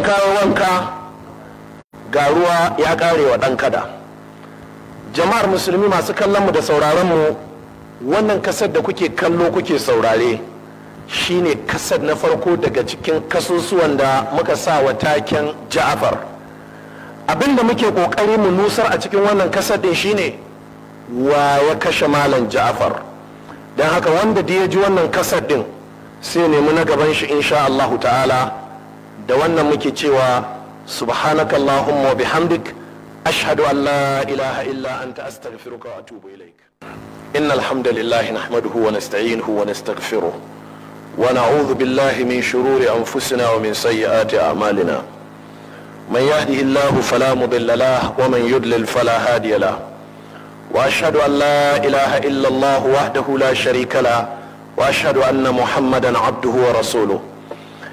kawo wanka ga ruwa ya kare wa ɗan kada jama'ar musulmi masu kallonmu da sauraronmu wannan kasar da kuke kallo kuke saurare shine kasar na farko daga cikin kasusuwan da muka sa wa taken ja'afar abinda muke kokari mu nusar a cikin wannan kasar din shine wa ya kashe malam ja'afar don haka wanda da ya ji wannan kasar din sai nemi na gaban shi insha Allahu ta'ala da wannan muke cewa subhanaka allahumma wa bihamdik ashhadu an la ilaha illa anta astaghfiruka wa atubu ilaik innal hamdalillah nahmaduhu wa nasta'inuhu wa nastaghfiruh wa na'udhu billahi min shururi anfusina wa min sayyiati a'malina man yahdihillahu fala mudilla wa man yudlil fala hadiya lahu واشهد ان لا اله الا الله وحده لا شريك له واشهد ان محمدا عبده ورسوله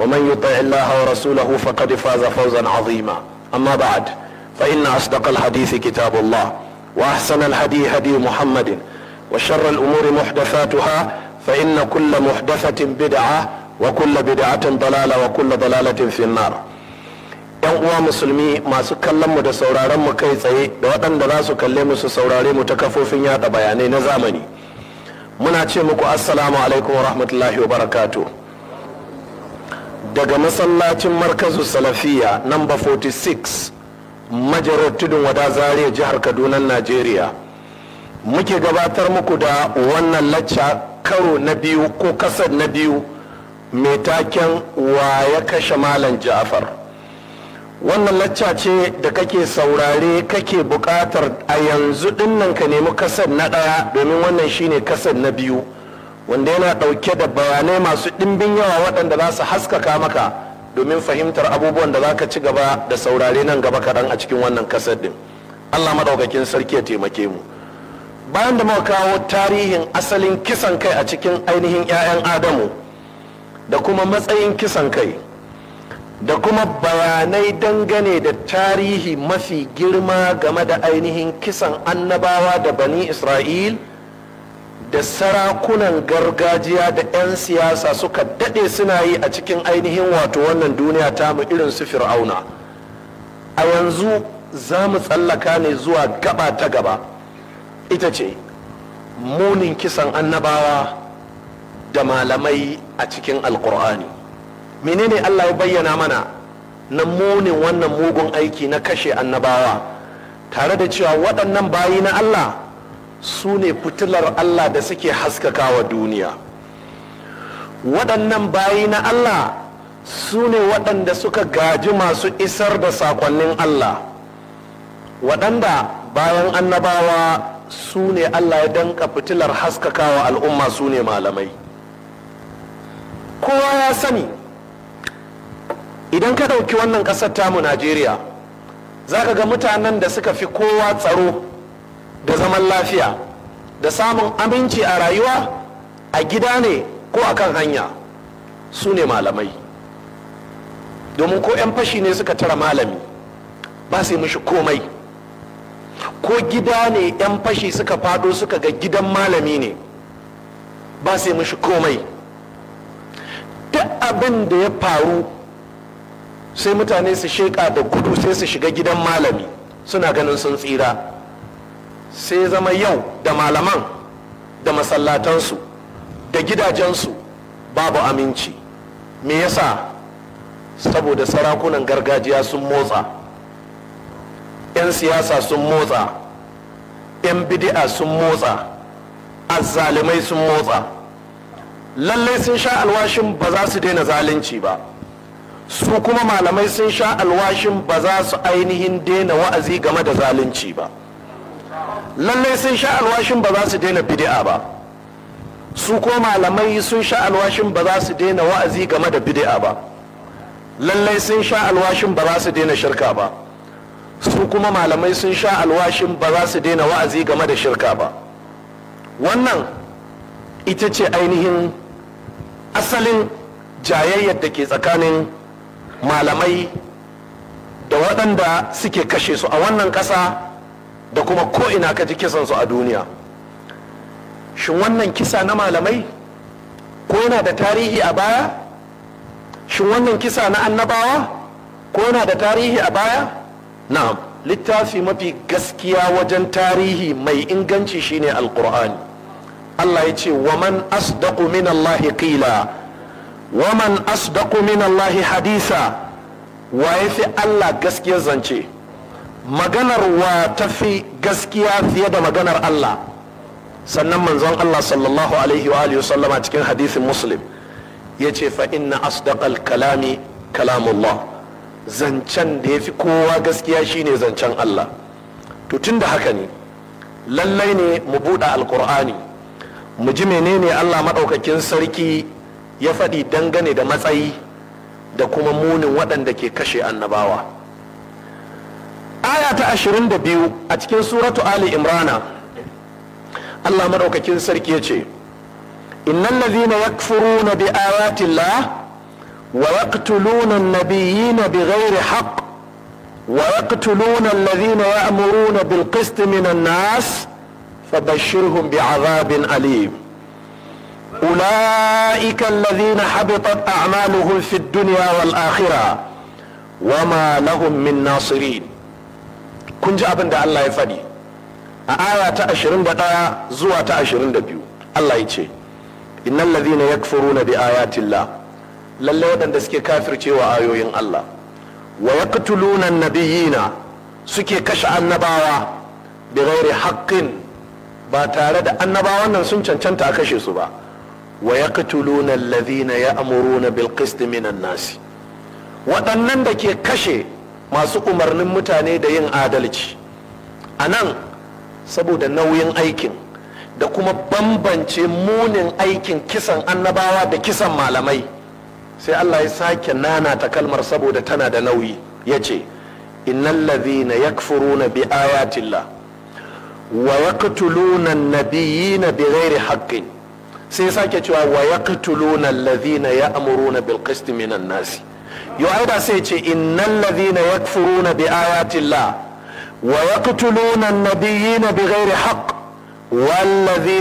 ومن يطع الله ورسوله فقد فاز فوزا عظيما أما بعد فإن أصدق الحديث كتاب الله وأحسن الهدي هدي محمد وشر الأمور محدثاتها فإن كل محدثة بدعة وكل بدعة ضلالة وكل ضلالة في النار yan uwa musulmi masu kallon mu da sauraron mu kai tsaye da waɗanda za su kalle mu su saurare mu ta kafofin yada bayanai na zamani muna ce muku assalamu alaikum wa rahmatullahi wa barakatuh daga masallacin markazu salafiya namba 46 majalar tudun wada zaria jihar kaduna najeriya muke gabatar muku da wannan lacca karo na biyu ko kasar na biyu mai taken wa ya kashe malam ja'afar wannan lacca ce da kake saurare kake buƙatar a yanzu dinnan ka nemi kasar na ɗaya domin wannan shine kasar na biyu wanda yana ɗauke da bayanai masu ɗimbin yawa waɗanda za su haskaka maka domin fahimtar abubuwan da za ka ci gaba da saurare nan gaba kaɗan a cikin wannan kasar ɗin allah maɗaukakin sarki ya taimake mu bayan da muka kawo tarihin asalin kisan kai a cikin ainihin 'ya'yan adamu da kuma matsayin kisan kai da kuma bayanai dangane da tarihi mafi girma game da ainihin kisan annabawa da bani isra'il da sarakunan gargajiya da 'yan siyasa suka daɗe suna yi a cikin ainihin wato wannan duniya ta mu irin su fir'auna a yanzu za mu tsallaka ne zuwa gaba ta gaba ita ce munin kisan annabawa da malamai a cikin alkur'ani menene allah ya bayyana mana na munin wannan mugun aiki na kashe annabawa tare da cewa waɗannan bayi na allah su ne fitilar Allah da suke haskaka wa duniya waɗannan bayi na Allah su ne waɗanda suka gaji masu isar da sakonnin Allah waɗanda bayan annabawa su ne Allah ya danka fitilar haskaka wa al'umma su ne malamai kowa ya sani idan ka ɗauki wannan ƙasar tamu Najeriya za ka ga mutanen da suka fi kowa tsaro da zaman lafiya da samun aminci a rayuwa a gida ne ko a kan hanya su ne malamai domin ko 'yan fashi ne suka tara malami ba su yi mishi komai ko gida ne 'yan fashi suka fado suka ga gidan malami ne ba su yi mishi komai duk abin da ya faru sai mutane su sheƙa da gudu sai su shiga gidan malami suna ganin sun tsira sai zama yau da malaman da masallatansu da gidajensu babu aminci me yasa saboda sarakunan gargajiya sun motsa 'yan siyasa sun motsa 'yan bidi'a sun motsa azzalimai sun motsa lallai sun sha alwashin ba za su daina zalunci ba su kuma malamai sun sha alwashin ba za su ainihin daina wa'azi game da zalunci ba lallai sun sha alwashin ba za su daina bid'a ba su ko malamai sun sha alwashin ba za su daina wa'azi game da bid'a ba lallai sun sha alwashin ba za su daina shirka ba su kuma malamai sun sha alwashin ba za su daina wa'azi game da shirka ba wannan ita ce ainihin asalin jayayyar da ke tsakanin malamai da waɗanda suke kashe su a wannan ƙasa da kuma ko'ina ka ji kisan su a duniya shin wannan kisa na malamai ko yana da tarihi a baya shin wannan kisa na annabawa ko yana da tarihi a baya na'am littafi mafi gaskiya wajen tarihi mai inganci shine alkur'ani allah ya ce waman asdaqu min allahi qila waman asdaqu min allahi hadisa wa ya fi allah gaskiyar zance maganar wa tafi gaskiya fiye da maganar Allah sannan manzon Allah sallallahu alaihi wa alihi sallama cikin hadisin muslim ya ce fa inna asdaqal kalami kalamullah zancen da ya fi kowa gaskiya shine zancen Allah to tun da haka ne lallai ne mu buɗe alkur'ani mu ji menene Allah maɗaukakin sarki ya faɗi dangane da matsayi da kuma munin waɗanda ke kashe annabawa. aya ta biyu a cikin suratu ali imrana allah maɗaukakin sarki ya ce lazina yakfuruna bi ayatillah wa yaqtuluna an-nabiyyina bighairi haqq wa yaqtuluna alladhina ya'muruna أولئك الذين حبطت أعمالهم في الدنيا والآخرة وما لهم من ناصرين kun ji abin da Allah ya faɗi a aya ta 21 zuwa ta 22 Allah ya ce innal ladhina yakfuruna bi ayatillah lalle waɗanda suke kafircewa ayoyin Allah wa yaqtuluna nabiyina suke kashe annabawa bi ghairi haqqin ba tare da annabawan nan sun cancanta a kashe su ba wa yaqtuluna alladhina ya'muruna bil qist minan nasi waɗannan da ke kashe masu umarnin mutane da yin adalci a nan saboda nauyin aikin da kuma bambance munin aikin kisan annabawa da kisan malamai sai allah ya sake ta kalmar saboda tana da nauyi ya ce innal ladhina yakfuruna bi ayatillah wa yaqtuluna an na bighairi haqqin sai sake cewa wa yaqtuluna alladhina ya'muruna bil na minan nasi yo sai ce sai ce ya ladhina na bi ayatillah wa ya na yaqtuluna an-nabiyina bighairi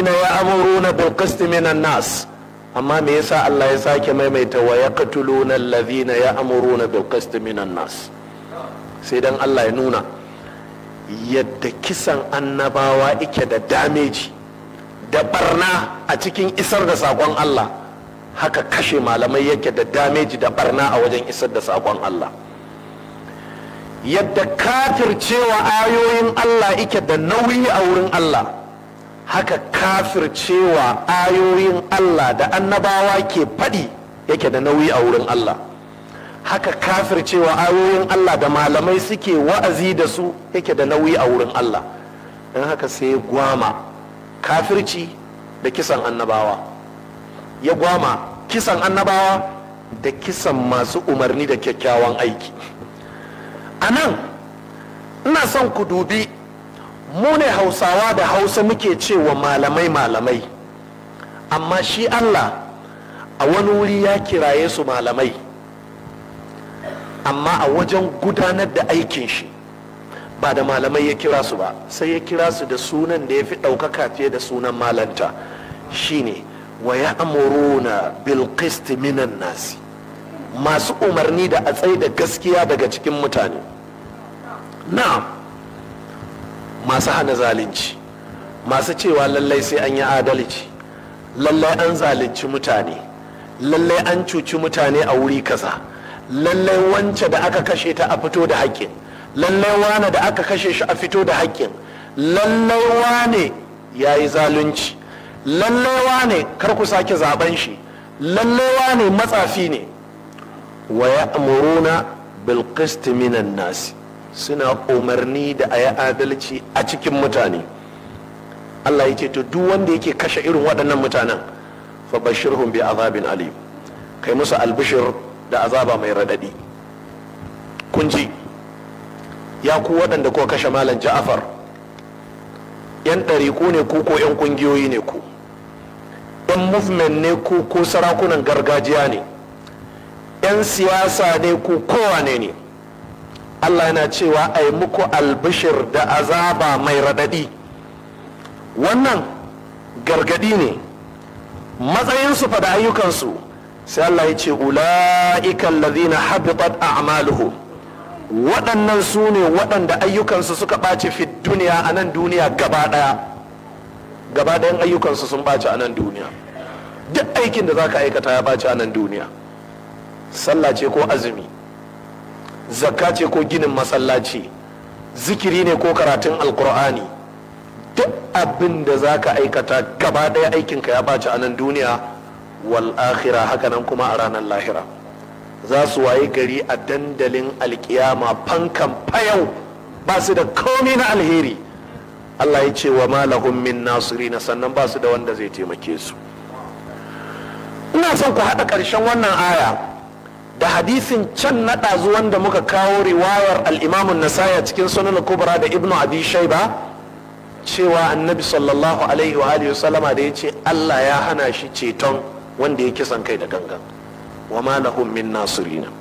ya amuru na بالقسط minan nas? amma me yasa Allah ya sake maimaita wa yaqtuluna ya amuru na qist minan nas sai dan Allah ya nuna yadda kisan annabawa ike da dameji da barna a cikin isar da sakon Allah haka kashe malamai yake da dameji da barna a wajen isar da sakon Allah yadda kafir cewa ayoyin Allah ike da nauyi a wurin Allah haka kafir cewa ayoyin Allah da annabawa ke faɗi yake da nauyi a wurin Allah haka kafir cewa ayoyin Allah da malamai suke wa'azi da su yake da nauyi a wurin Allah don haka sai gwama kafirci da kisan annabawa ya gwama kisan annabawa da kisan masu umarni da kyakkyawan aiki a nan ina son ku dubi mu ne hausawa da hausa muke cewa malamai malamai amma shi allah a wani wuri ya kiraye su malamai amma a wajen gudanar da aikin shi ba da malamai ya kira su ba sai ya kira su da sunan da ya fi ɗaukaka fiye da sunan malanta shine wa ya'muruna na qist minan nasi masu umarni da a tsaye da gaskiya daga cikin mutane na'am masu hana zalunci masu cewa lallai sai an yi adalci lallai an zalunci mutane lallai an cuci mutane a wuri kaza lallai wance da aka kashe ta a fito da haƙƙin lallai wane da aka kashe shi a fito da haƙƙin lallai wane ya yi zalunci lallewa ne kar ku sake zaben shi lallewa ne matsafi ne wa ya'muruna bil qist minan nas suna umarni da ayi adalci a cikin mutane Allah ya ce to duk wanda yake kashe irin waɗannan mutanen fa bashirhum bi azabin alim kai musu albishir da azaba mai raɗaɗi. kun ji ya ku waɗanda ko kashe malam ja'afar yan ɗariku ne ku ko yan ƙungiyoyi ne ku yan movement ne ko ko sarakunan gargajiya ne yan siyasa ne ko kowa ne allah yana cewa a yi muku albishir da azaba mai raɗaɗi wannan gargaɗi ne matsayinsu fa da ayyukansu sai allah ya ce ula'ikan lazina habitat a'maluhu waɗannan su ne waɗanda ayyukansu suka ɓaci fi duniya a nan duniya gaba ɗaya gaba ɗayan ayyukansu sun ɓaci a nan duniya duk aikin da za ka aikata ya ɓaci a nan duniya sallah ce ko azumi zakka ce ko ginin masallaci zikiri ne ko karatun alkur'ani duk abin da za ka aikata gaba ɗaya aikinka ya ɓaci a nan duniya wal akhira haka nan kuma a ranar lahira za su waye gari a dandalin alkiyama fankan fayau ba su da komi na alheri Allah ya ce wa malahun min nasirina sannan ba su da wanda zai taimake su ina son ku haɗa ƙarshen wannan aya da hadisin can na ɗazu wanda muka kawo riwayar al'imamun nasaya cikin sunan kubra da ibnu abi shaiba cewa annabi sallallahu alaihi wa alihi sallama da ya ce Allah ya hana shi ceton wanda ya kisan kai da gangan wa malahun min nasirina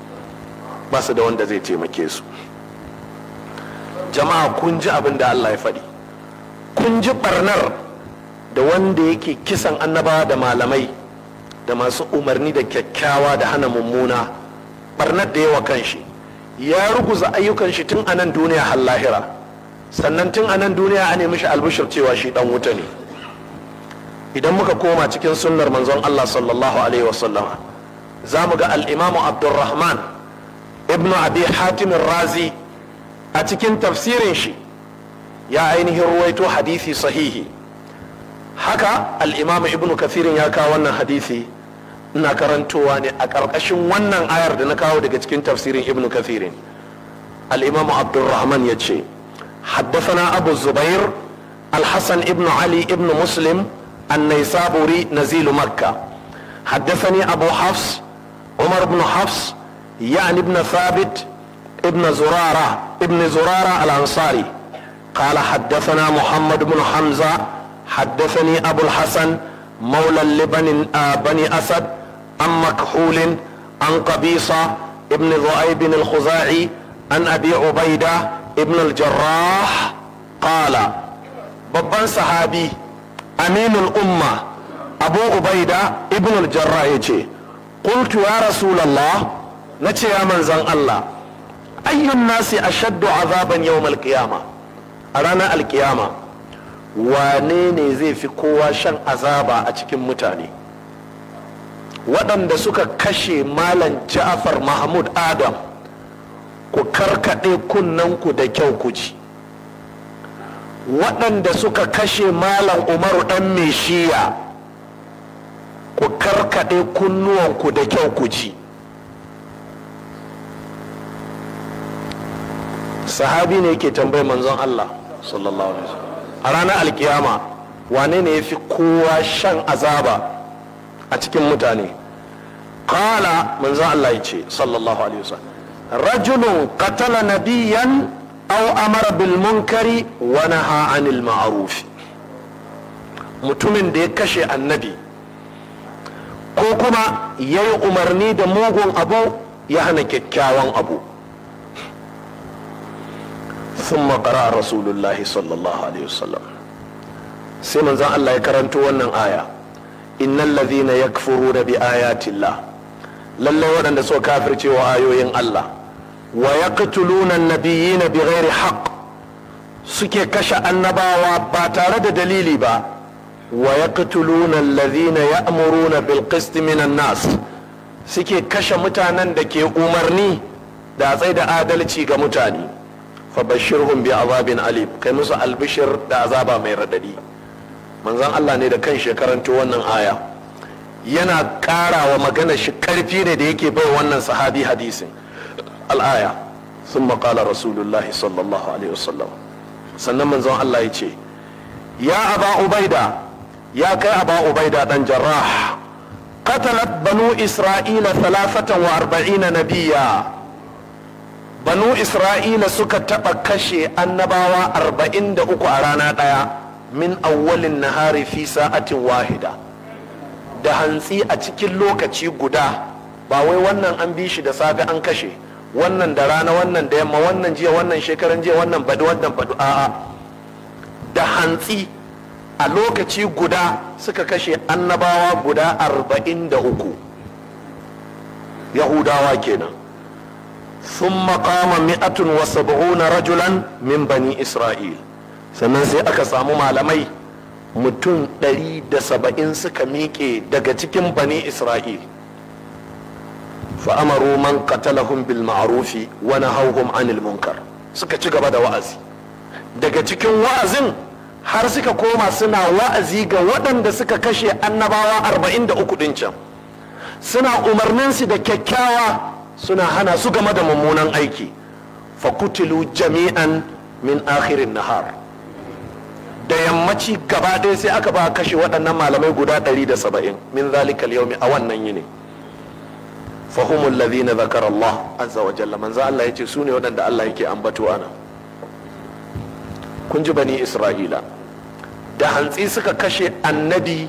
ba su da wanda zai taimake su jama'a kun ji abin da Allah ya faɗi kun ji barnar da wanda yake kisan annaba da malamai da masu umarni da kyakkyawa da hana mummuna barnar da yawa kan shi ya ruguza ayyukan shi tun anan duniya har lahira sannan tun anan duniya an nemi shi albishir cewa shi dan wuta ne idan muka koma cikin sunnar manzon Allah sallallahu alaihi wasallama za mu ga al abdulrahman Abdurrahman ibnu Abi Hatim Razi a cikin tafsirin shi ya ainihin ruwaito hadisi sahihi haka al'imamu ibnu kathirin ya kawo wannan hadisi ina karantowa ne a ƙarƙashin wannan ayar da na kawo daga cikin tafsirin ibnu kathirin alimam abdulrahman ya ce haddasana abu zubair alhassan ibnu ali Ibn muslim annaisaburi nazilu makka haddasani abu hafs umar ibn hafs yani ibn thabit ibn zurara zurara al-ansari قال حدثنا محمد بن حمزة حدثني أبو الحسن مولى لبن بني أسد عن مكحول عن قبيصة ابن ذؤيب الخزاعي عن أبي عبيدة ابن الجراح قال babban sahabi aminul umma abu ubaida ibn al-jarra ya ce qultu ya rasulallah na ce ya manzan allah ayyun nasi ashaddu azaban yawm qiyamah a ranar alkiyama wane ne zai fi kowa shan azaba a cikin mutane waɗanda suka kashe malam ja'afar mahmud adam ku karkaɗe kunnanku da kyau ku ci waɗanda suka kashe malam umaru ɗan meshiya ku karkaɗe kunnuwanku da kyau ku ji sahabi ne yake tambayi manzon Allah sallallahu alaihi a ranar alkiyama wane ne ya fi kowa shan azaba a cikin mutane kala manzo Allah ya ce sallallahu alaihi wasallam rajulun qatala nabiyan aw amara bil munkari wa naha anil ma'ruf mutumin da ya kashe annabi ko kuma yayi umarni da mugun abu ya hana kyakkyawan abu ثم قرأ رسول الله صلى الله عليه وسلم سيما زان الله يكرنت ونن آية إن الذين يكفرون بآيات الله لله ودن سو كافر وآيو ين الله ويقتلون النبيين بغير حق سكي كشا النباوة باتارد دليلي با ويقتلون الذين يأمرون بالقسط من الناس سكي كشا متانا دكي أمرني da tsaye da adalci ga mutane fa bashirhum bi azabin alim kai musu albishir da azaba mai radadi manzon Allah ne da kan shekaranto wannan aya yana karawa magana shi karfi ne da yake bai wannan sahabi hadisin al'aya sun maƙala rasulullahi sallallahu alaihi wasallam sannan manzon Allah ya ce ya aba ubaida ya kai aba ubaida dan jarrah qatalat banu isra'ila 43 nabiya banu isra'ila suka taɓa kashe annabawa arba'in da uku a rana ɗaya min awwalin nahari fi sa'atin wahida da hantsi a cikin lokaci guda ba wai wannan an bi shi da safe an kashe wannan da rana wannan da yamma wannan jiya wannan shekaran jiya wannan badu wannan badu a'a da hantsi a lokaci guda suka kashe annabawa guda arba'in da uku yahudawa kenan ثم قام مئة وسبعون رجلا من بني إسرائيل sannan sai aka samu malamai mutum ɗari da saba'in suka miƙe daga cikin bani isra'il fa'amaru man qatalahum bil ma'rufi wa nahawhum anil munkar suka ci gaba da wa'azi daga cikin wa'azin har suka koma suna wa'azi ga waɗanda suka kashe annabawa arba'in da uku ɗin can suna umarninsu da kyakkyawa suna hana su game da mummunan aiki fakutilu jami'an min akhirin nahar da yammaci gaba ɗaya sai aka ba kashe waɗannan malamai guda 170 min zalika yaumi a wannan yini lalzi na zakar Allah azza wa jalla manzo Allah ce su ne waɗanda Allah yake ambato ana kun ji bani Isra'ila da hantsi suka kashe annabi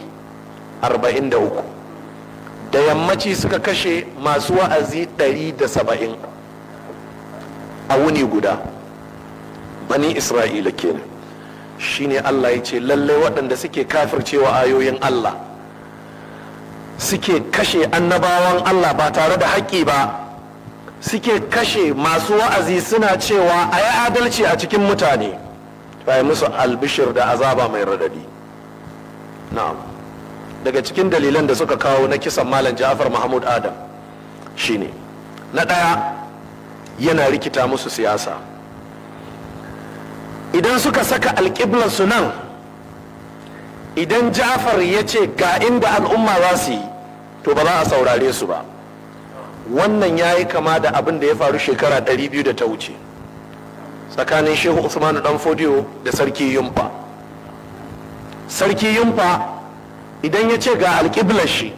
43 da yammaci suka kashe masu wa'azi 170 a wuni guda bani isra'ila kenan shine allah ya ce lallai waɗanda suke kafircewa ayoyin allah suke kashe annabawan allah ba tare da haƙƙi ba suke kashe masu wa'azi suna cewa a yi adalci a cikin mutane ba musu albishir da azaba mai radadi na'am daga cikin dalilan da suka kawo na kisan malam ja'afar mahmud adam shine na ɗaya yana rikita musu siyasa idan suka saka su nan idan ja'afar ya ce ga inda al'umma za su yi to ba za a saurare su ba wannan ya yi kama da abin da ya faru shekara 200 da ta wuce tsakanin shehu usmanu dan da sarki yumfa sarki yumfa idan ya ce ga alƙiblar shi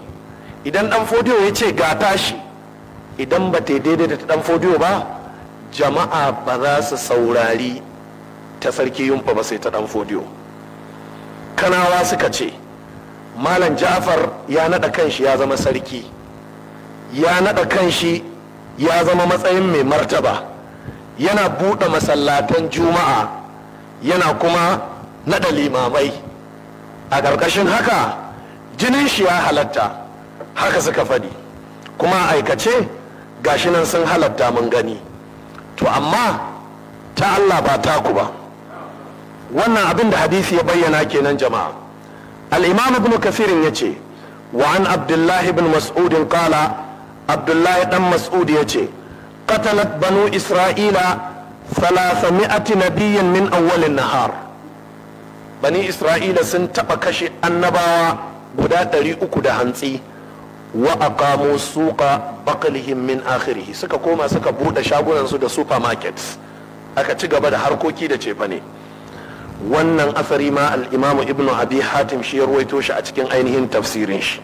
idan ɗan fodiyo ya ce ga tashi idan ba ta daidai da ɗan fodiyo ba jama'a ba za su saurari ta sarki yunfa ba sai ta ɗan fodiyo kanawa suka ce malam ja'far ya naɗa kanshi ya zama sarki ya naɗa kanshi ya zama matsayin mai martaba yana buɗe masallatan juma'a yana kuma naɗa limamai a ƙarƙashin haka jinin shi ya halatta haka suka faɗi kuma aikace gashi nan sun halatta mun gani to amma ta Allah ba taku ba wannan abin da hadisi ya bayyana kenan jama'a al-imam ibn kasirin ya ce wa an abdullahi ibn mas'udin kala abdullahi dan mas'ud ya ce qatalat banu isra'ila thalathami'ati nabiyyin min awwalin nahar bani isra'ila sun taba kashe annabawa guda ɗari uku da hantsi wa a kamo suka bakalihin min akhirihi suka koma suka buɗe shagunan su da supermarkets aka ci gaba da harkoki da cefane wannan asari ma Al'imamu ibn abi hatim shi ya ruwaito shi a cikin ainihin tafsirin shi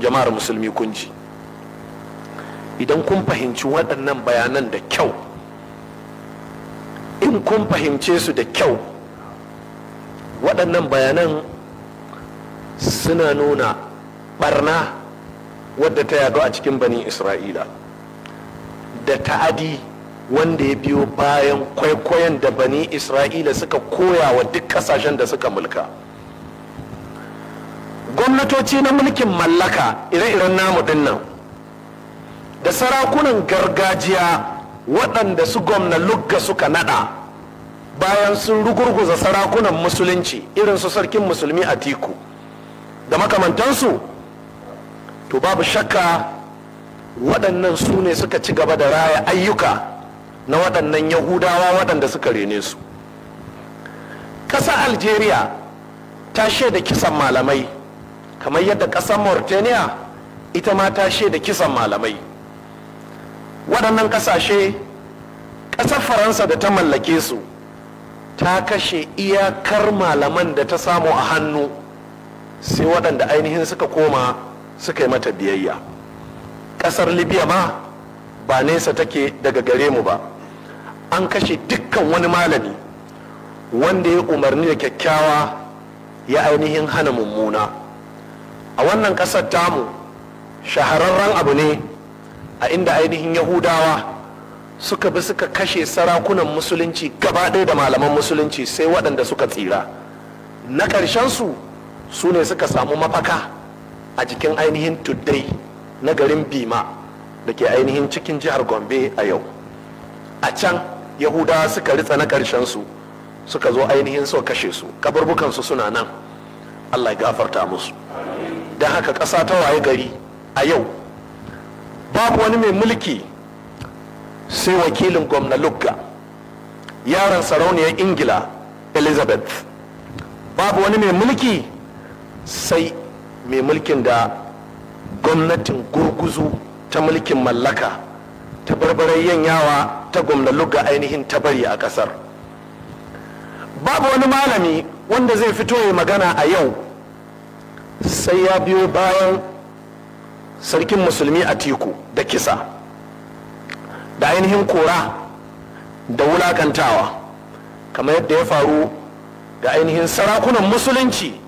jama'ar musulmi kun idan kun fahimci waɗannan bayanan da kyau in kun fahimce su da kyau waɗannan bayanan suna nuna barna wadda ta yadu a cikin bani isra'ila da ta'adi wanda ya biyo bayan kwaikwayon da bani isra'ila suka koya wa duk kasashen da suka mulka gwamnatoci na mulkin mallaka ire-iren namu dinnan da sarakunan gargajiya waɗanda su gwamna lugga suka nada bayan sun rugurguza sarakunan musulunci irin su sarkin musulmi a tiku da makamantansu to babu shakka waɗannan su ne suka ci gaba da raya ayyuka na waɗannan yahudawa waɗanda suka rene su ƙasa algeria ta shaida kisan malamai kamar yadda ƙasar mauritania ita ma ta shaida kisan malamai waɗannan ƙasashe ƙasar faransa da ta mallake su ta kashe iyakar malaman da ta samu a hannu sai waɗanda ainihin suka koma suka yi mata biyayya ƙasar libya ma ba nesa take daga gare mu ba an kashe dukkan wani malami wanda ya umarni da kyakkyawa ya ainihin hana mummuna a wannan ƙasar tamu shahararren abu ne a inda ainihin yahudawa suka bi suka kashe sarakunan musulunci gaba ɗaya da malaman musulunci sai waɗanda suka tsira na ƙarshensu su su ne suka samu mafaka a jikin ainihin tuddai na garin bima da ke ainihin cikin jihar gombe a yau a can yahudawa suka ritsa na ƙarshen su suka zo ainihin so kashe su kaburbukansu suna nan allah gafarta musu don haka ƙasa ta waye gari a yau babu wani mai mulki sai wakilin gwamna lugga yaron sarauniyar ingila elizabeth babu wani mai mulki sai mai mulkin da gwamnatin gurguzu ta mulkin mallaka ta barbarayyan yawa ta gwamnalu ga ainihin ta bari a kasar babu wani malami wanda zai fito ya magana a yau sai ya biyo bayan sarkin musulmi a teku da kisa da ainihin kora da wulakantawa kamar yadda ya faru ga ainihin sarakunan musulunci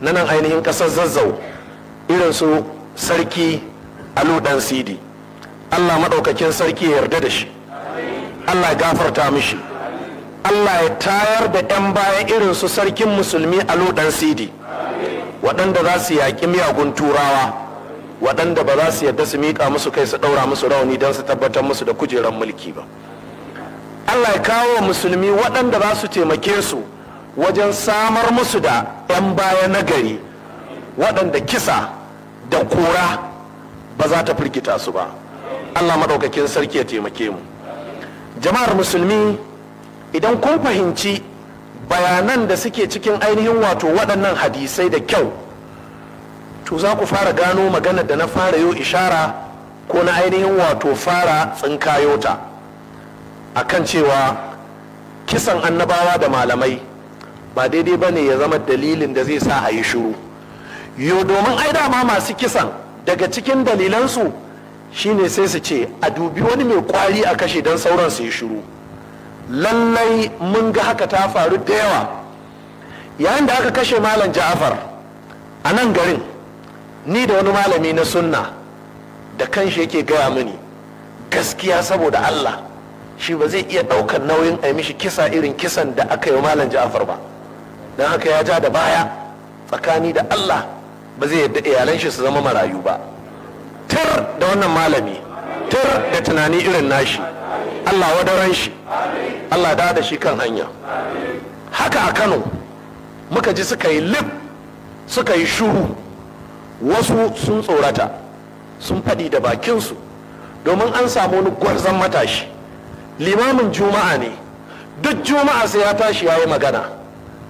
na nan ainihin ƙasar zazzau irin su sarki alu dan sidi allah maɗaukakin sarki ya yarda da shi allah gafarta mishi allah ya tayar da 'yan bayan irin su sarkin musulmi alu dan sidi waɗanda za su yaƙi miyagun turawa waɗanda ba za su yarda su miƙa musu kai su ɗaura musu rauni don su tabbatar musu da kujerar mulki ba allah ya kawo musulmi waɗanda za su taimake su wajen samar musu da 'yan baya nagari, waɗanda kisa da kura ba za ta firgita su ba allah maɗaukakin sarki ya taimake mu jama'ar musulmi idan kun fahimci bayanan da suke cikin ainihin wato waɗannan hadisai da kyau to za ku fara gano magana da na fara yau ishara ko na ainihin wato fara tsinkayota a kan cewa kisan annabawa da malamai ba daidai ba ne ya zama dalilin da zai sa a yi shiru yo domin ai dama masu kisan daga cikin dalilansu shine sai su ce a dubi wani mai kwari a kashe don sauran su yi shiru lallai mun ga haka ta faru da yawa yayin da aka kashe malam ja'afar a nan garin ni da wani malami na sunna da kanshi yake gaya mini gaskiya saboda allah shi ba zai iya ɗaukar nauyin a mishi kisa irin kisan da aka yi malam ja'afar ba don haka ya ja da baya tsakani da allah ba zai yadda iyalan shi su zama marayu ba tur da wannan malami tur da tunani irin nashi allah wadaran shi allah da da shi kan hanya haka a kano muka ji suka yi lib suka yi shuru wasu sun tsorata sun faɗi da bakinsu domin an samu wani gwarzon matashi limamin juma'a ne duk juma'a sai ya tashi ya yi magana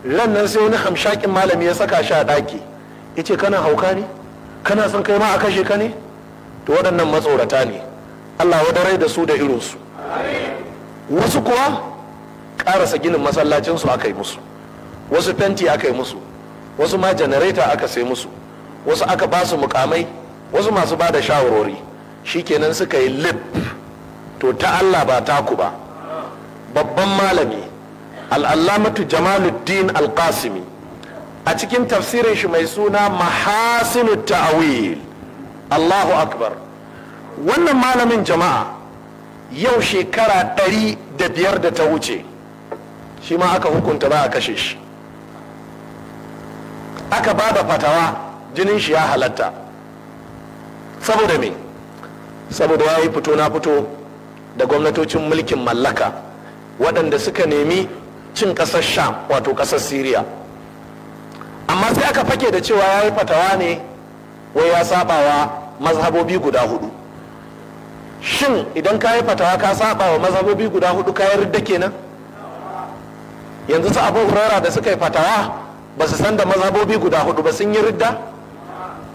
lannan sai wani hamshakin malami ya saka shi a ɗaki ya ce kana hauka ne kana son kai ma a kashe ka ne to waɗannan matsorata ne allah wadarai da su da irinsu wasu kuwa ƙarasa ginin masallacinsu aka yi musu wasu fenti aka yi musu wasu ma janareta aka sai musu wasu aka ba su mukamai wasu masu ba da shawarwari kenan suka yi lip to ta allah ba taku ba babban malami al'allamatu jamaluddin al-qasimi a cikin tafsirin shi mai suna mahasinu ta'awil allahu akbar wannan malamin jama'a yau shekara ɗari da biyar da ta wuce shi ma aka hukunta ba a kashe shi aka ba da fatawa jinin shi ya halatta saboda me saboda ya yi fito na fito da gwamnatocin mulkin mallaka waɗanda suka nemi cin kasar sham wato ƙasar syria amma sai aka fake da cewa ya yi fatawa ne wai ya sabawa mazhabobi guda hudu shin idan ka yi fatawa ka saba wa mazhabobi guda hudu ka yarda kenan yanzu su abu hurara da suka yi fatawa ba su san da mazhabobi guda hudu ba sun yi ridda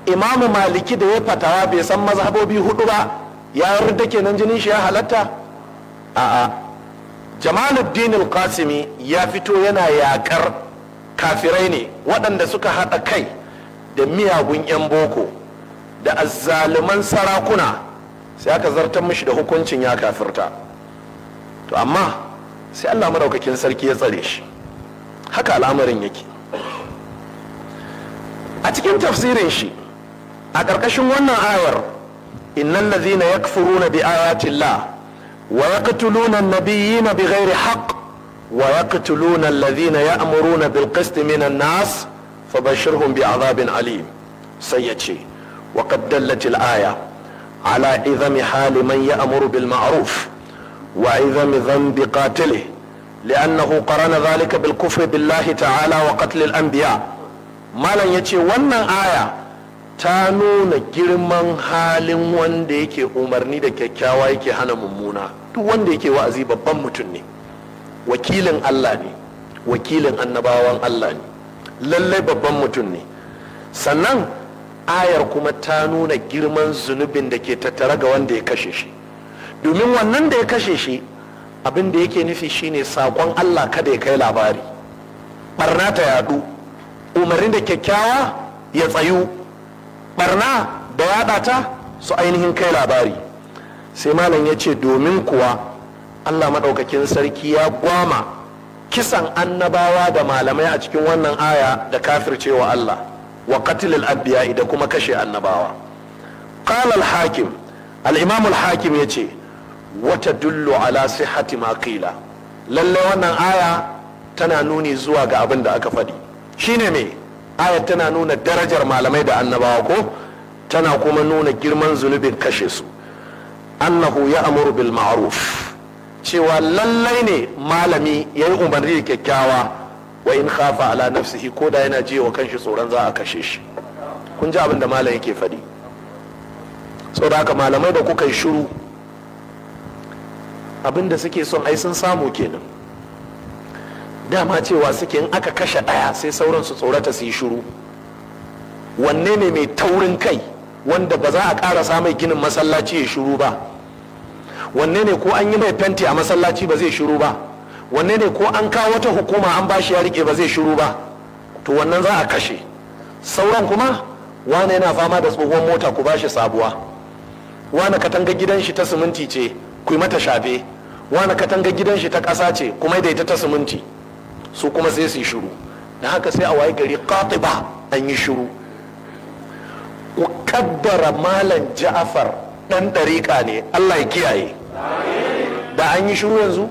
imamu maliki da ya fatawa bai san mazhabobi hudu ba ya ridda kenan jinin shi ya halatta a'a jamaluddin al-qasimi ya fito yana yaƙar kafirai ne waɗanda suka haɗa kai da miyagun 'yan boko da azzaluman sarakuna sai aka zartar mishi da hukuncin ya kafirta to amma sai allah madaukakin sarki ya tsare shi haka al'amarin yake a cikin tafsirin shi a ƙarƙashin wannan ayar innan lazina yakfuruna bi ayatillah ويقتلون النبيين بغير حق ويقتلون الذين يأمرون بالقسط من الناس فبشرهم بعذاب أليم سيأتي وقد دلت الآية على عظم حال من يأمر بالمعروف وعظم ذنب قاتله لأنه قرن ذلك بالكفر بالله تعالى وقتل الأنبياء ما لن يأتي ونن آية ta nuna girman halin wanda yake umarni da kyakkyawa yake hana mummuna duk wanda yake wa'azi babban mutum ne wakilin allah ne wakilin annabawan allah ne lallai babban mutum ne sannan ayar kuma ta nuna girman zunubin da ke tattara ga wanda ya kashe shi domin wannan da ya kashe shi abin da yake nufi shine sakon allah kada ya kai labari barna ta yadu umarni da kyakkyawa ya tsayu barna da yaɗa ta su ainihin kai labari sai malam ya ce domin kuwa allah maɗaukakin sarki ya gwama kisan annabawa da malamai a cikin wannan aya da kafircewa allah wa qatlil abiya da kuma kashe annabawa qala hakim al-imam al-hakim yace wata dullo ala sihhati ma qila lalle wannan aya tana nuni zuwa ga abin da aka faɗi shine me ayat tana nuna darajar malamai da annabawa ko tana kuma nuna girman zunubin kashe su annahu ya amuru bil ma'ruf cewa lallai ne malami ya yi umarni da kyakkyawa wa in khafa ala nafsihi ko da yana jiwa kanshi tsoron za a kashe shi kun ji abin da malam yake faɗi saboda haka malamai da kuka yi shuru. abin da suke son ai sun samu kenan dama cewa suke in aka kashe ɗaya sai sauran su tsorata su yi shiru wanne ne mai taurin kai wanda ba za a ƙarasa mai ginin masallaci ya shiru ba wanne ne ko an yi mai fenti a masallaci ba zai shiru ba wanne ne ko an kawo wata hukuma an bashi ya rike ba zai shiru ba to wannan za a kashe sauran kuma wane yana fama da tsohon mota ku bashi sabuwa wane katanga gidan shi ta siminti ce ku yi mata shafe wane katanga gidan shi ta ƙasa ce kuma da ita ta siminti su kuma sai su yi shiru na haka sai a waye gari qatiba an yi shiru ku kaddara malam ja'afar dan dariƙa ne Allah ya kiyaye da an yi shiru yanzu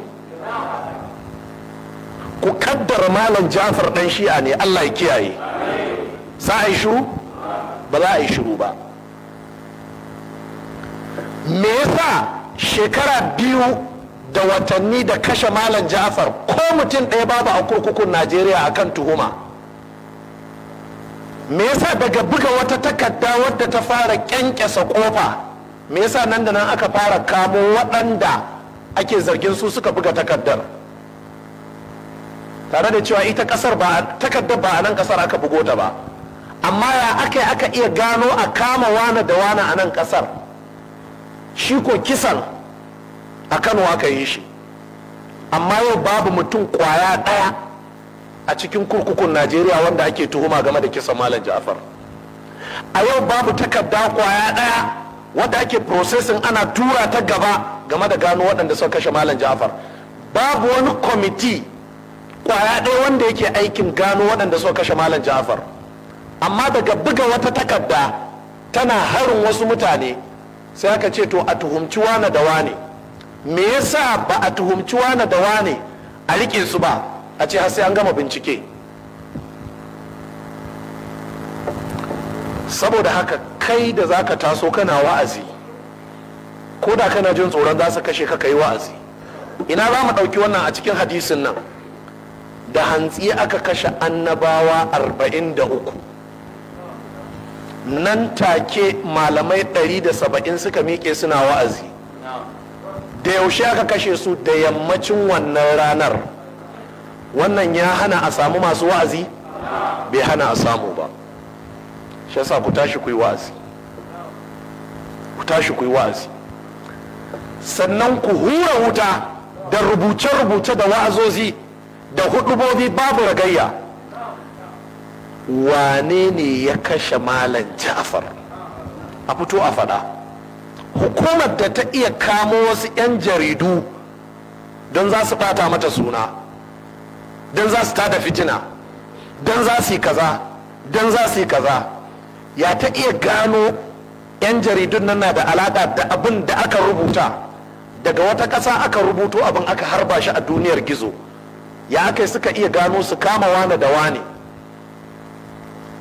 ku kaddara malam ja'afar dan shi'a ne Allah ya kiyaye za a yi shiru ba za a yi shiru ba me yasa shekara biyu da watanni da kashe malam ja'far ko mutum ɗaya babu a kurkukun najeriya a kan tuhuma me yasa daga buga wata takarda wadda ta fara kyankyasa kofa me yasa nan da nan aka fara kamo waɗanda ake zargin su suka buga takardar tare da cewa ita kasar ba takardar ba a nan kasar aka bugo ta ba amma ya aka aka iya gano a kama wane da wane a nan kasar shi ko kisan a kano aka yi shi amma yau babu mutum kwaya ɗaya a cikin kurkukun najeriya wanda ake tuhuma game da kisan malam ja'far a yau babu takarda kwaya ɗaya wadda ake processing ana tura ta gaba game da gano waɗanda suka kashe malam ja'far babu wani kwamiti kwaya ɗaya wanda yake aikin gano waɗanda suka kashe malam ja'far amma daga buga wata takarda tana harin wasu mutane sai aka ce to a tuhumci wane da wane me yasa ba a tuhumci wane da wane a rike su ba a ce har sai an gama bincike saboda haka kai da za ka taso kana wa'azi ko da kana jin tsoron za su kashe ka yi wa'azi ina za mu ɗauki wannan a cikin hadisin nan da hantsi aka kashe annabawa arba'in da uku nan take malamai ɗari da saba'in suka miƙe suna wa'azi da yaushe aka kashe su da yammacin wannan ranar wannan ya hana a samu masu wa'azi bai hana a samu ba shi yasa ku tashi ku yi wa'azi ku tashi ku yi wa'azi sannan ku hura wuta da rubuce-rubuce da wa'azozi da hudubobi babu ragayya wane ne ya kashe malam ja'far a fito a faɗa hukumar da ta iya kamo wasu 'yan jaridu don za su bata mata suna don za su tada fitina don za su yi kaza don za su yi kaza ya ta iya gano 'yan jaridu nan na da alaƙa da abin da aka rubuta daga wata ƙasa aka rubuto abin aka harba shi a duniyar gizo ya aka yi suka iya gano su kama wane da wane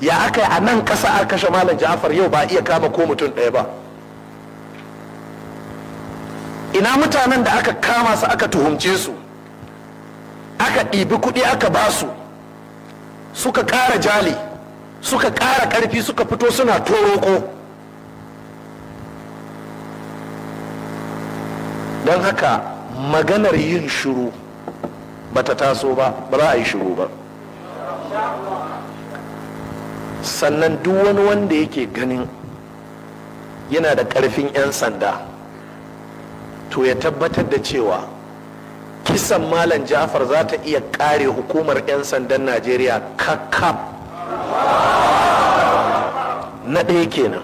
ya aka yi a nan ƙasa aka kashe malam ja'afar yau ba iya kama ko mutum ɗaya ba ina mutanen da aka kama su aka tuhumce su aka ɗibi kuɗi aka ba su suka ƙara jali suka ƙara ƙarfi suka fito suna ko. don haka maganar yin shiru ta taso ba ba za a yi shiru ba sannan duk wani wanda yake ganin yana da ƙarfin 'yan sanda to ya tabbatar da cewa kisan malam jafar za ta iya kare hukumar 'yan sandan najeriya kakkaf na ɗaya kenan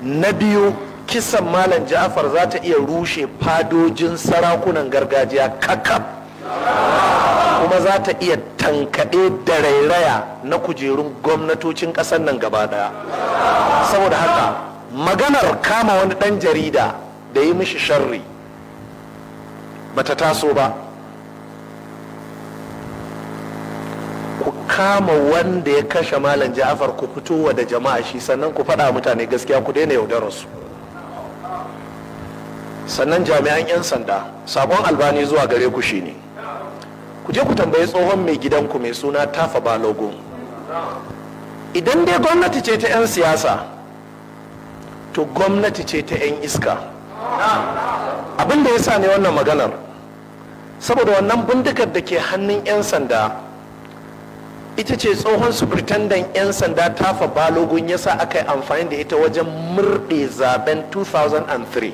na biyu kisan malam jafar za ta iya rushe fadojin sarakunan gargajiya kakkaf kuma za ta iya tankaɗe da rairaya na kujerun gwamnatocin ƙasar nan gaba ɗaya saboda haka maganar kama wani ɗan jarida da yi mishi sharri bata taso ba ku kama wanda ya kashe malam ja'afar ku fitowa da jama'a shi sannan ku faɗa mutane gaskiya ku daina yaudararsu sannan jami'an 'yan sanda sabon albani zuwa gare ku shine ku je ku tambayi tsohon mai gidanku mai suna tafa balogo idan dai gwamnati ce ta 'yan siyasa to gwamnati ce ta 'yan iska abin da ya sa ne wannan maganar saboda wannan bindigar da ke hannun 'yan sanda ita ce tsohon sufritandan 'yan sanda tafa balogun ya sa aka yi amfani da ita wajen murɗe zaben 2003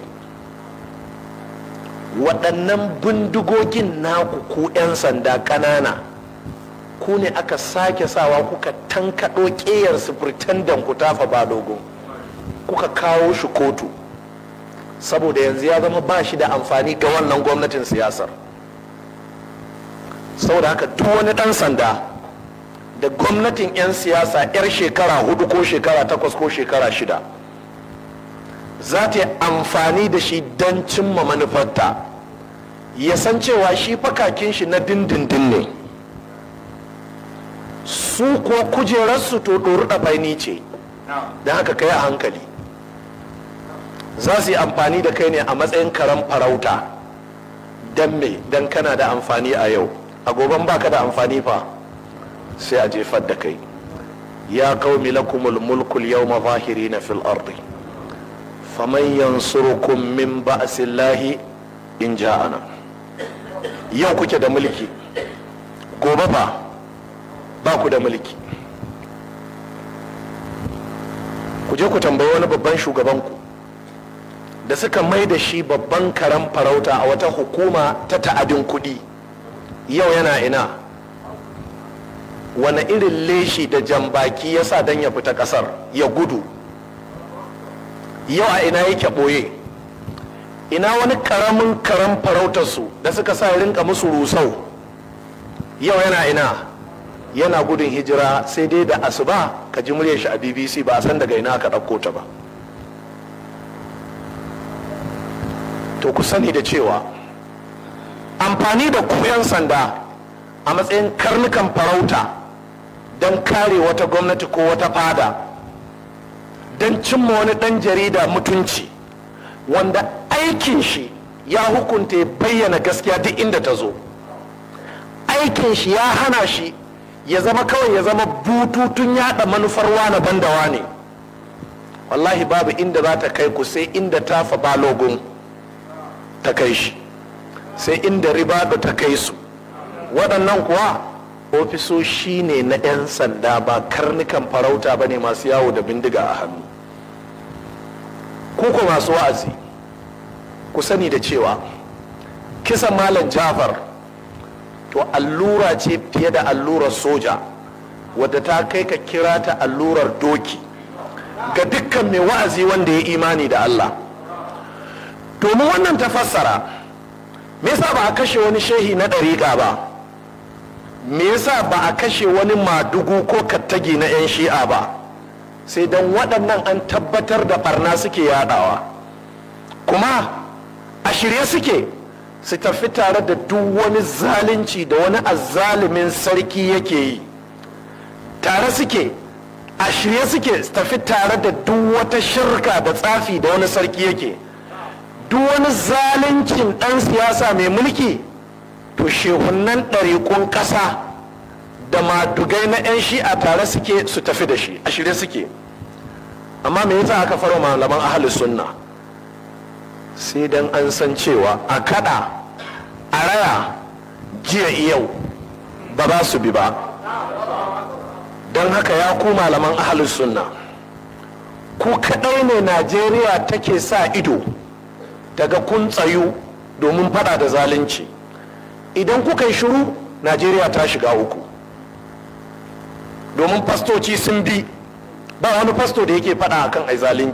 waɗannan bindigogin naku ku 'yan sanda ƙanana ku ne aka sake sawa kuka tankaɗo ƙeyar sufritandan ku tafa balogun kuka kawo shi kotu saboda yanzu ya zama ba shi da amfani ga wannan gwamnatin siyasar saboda haka duk wani ɗan sanda da gwamnatin 'yan siyasa 'yar shekara hudu ko shekara takwas ko shekara shida za ta yi amfani da shi don cimma manufarta ya san cewa shi fakakin shi na dindindin ne su ko kujerarsu to ɗoru ɗabaini ce da haka kai a hankali za su yi amfani da kai ne a matsayin karan farauta don me don kana da amfani a yau a ba baka da amfani fa sai a jefar da kai ya qaumi lakumul mulkul yawma na fil ardi faman yansurukum min ba'sillahi in ja'ana yau kuke da mulki gobe ba ba ku da mulki ku je ku tambayi wani babban shugabanku da suka mai da shi babban karen farauta a wata hukuma ta ta'adin kuɗi yau yana ina wani irin leshi da jambaki ya sa don ya fita ƙasar ya gudu yau a ina yake ɓoye ina wani karamin karen farautarsu da suka sa rinka musu rusau yau yana ina yana gudun hijira sai dai da asuba ka ji muryar shi a bbc ba a san daga ina ka ɗauko ta ba to ku sani da cewa amfani da ku sanda a matsayin karnukan farauta don kare wata gwamnati ko wata fada don cimma wani ɗan jarida mutunci wanda aikin shi ya hukunta ya bayyana gaskiya duk inda ta zo aikin shi ya hana shi ya zama kawai ya zama bututun yada manufar wane bandawa ne wallahi babu inda za ta kai ku sai inda ta fa balogun ta kai shi sai inda ribaɗo ta kai su waɗannan kuwa ofisoshi ne na 'yan sanda ba karnukan farauta ba ne masu yawo da bindiga a hannu kuku masu wa'azi ku sani da cewa kisan malam jafar to allura ce fiye da allurar soja wadda ta kai ka kira ta allurar doki ga dukkan mai wa'azi wanda ya imani da allah Domin wannan ta fassara me yasa ba a kashe wani shehi na ɗariƙa ba me yasa ba a kashe wani madugu ko kattagi na 'yan shi'a ba sai don waɗannan an tabbatar da barna suke yadawa kuma a shirye suke su tafi tare da duk wani zalunci da wani azzalumin sarki yake yi tare suke a shirye suke su tafi tare da duk wata shirka da tsafi da wani sarki yake duk wani zaluncin ɗan siyasa mai mulki to shehunan ɗariƙun ƙasa da madugai na 'yan shi'a tare suke su tafi da shi a shirye suke amma me yasa aka fara malaman ahalus sunna sai dan an san cewa a kada a raya jiya yau ba ba su bi ba don haka ya ku malaman ahalus sunna ku kaɗai ne najeriya take sa ido daga kun tsayu domin fada da zalunci idan kuka yi shiru najeriya ta shiga uku domin fastoci sun bi ba wani fasto da yake fada akan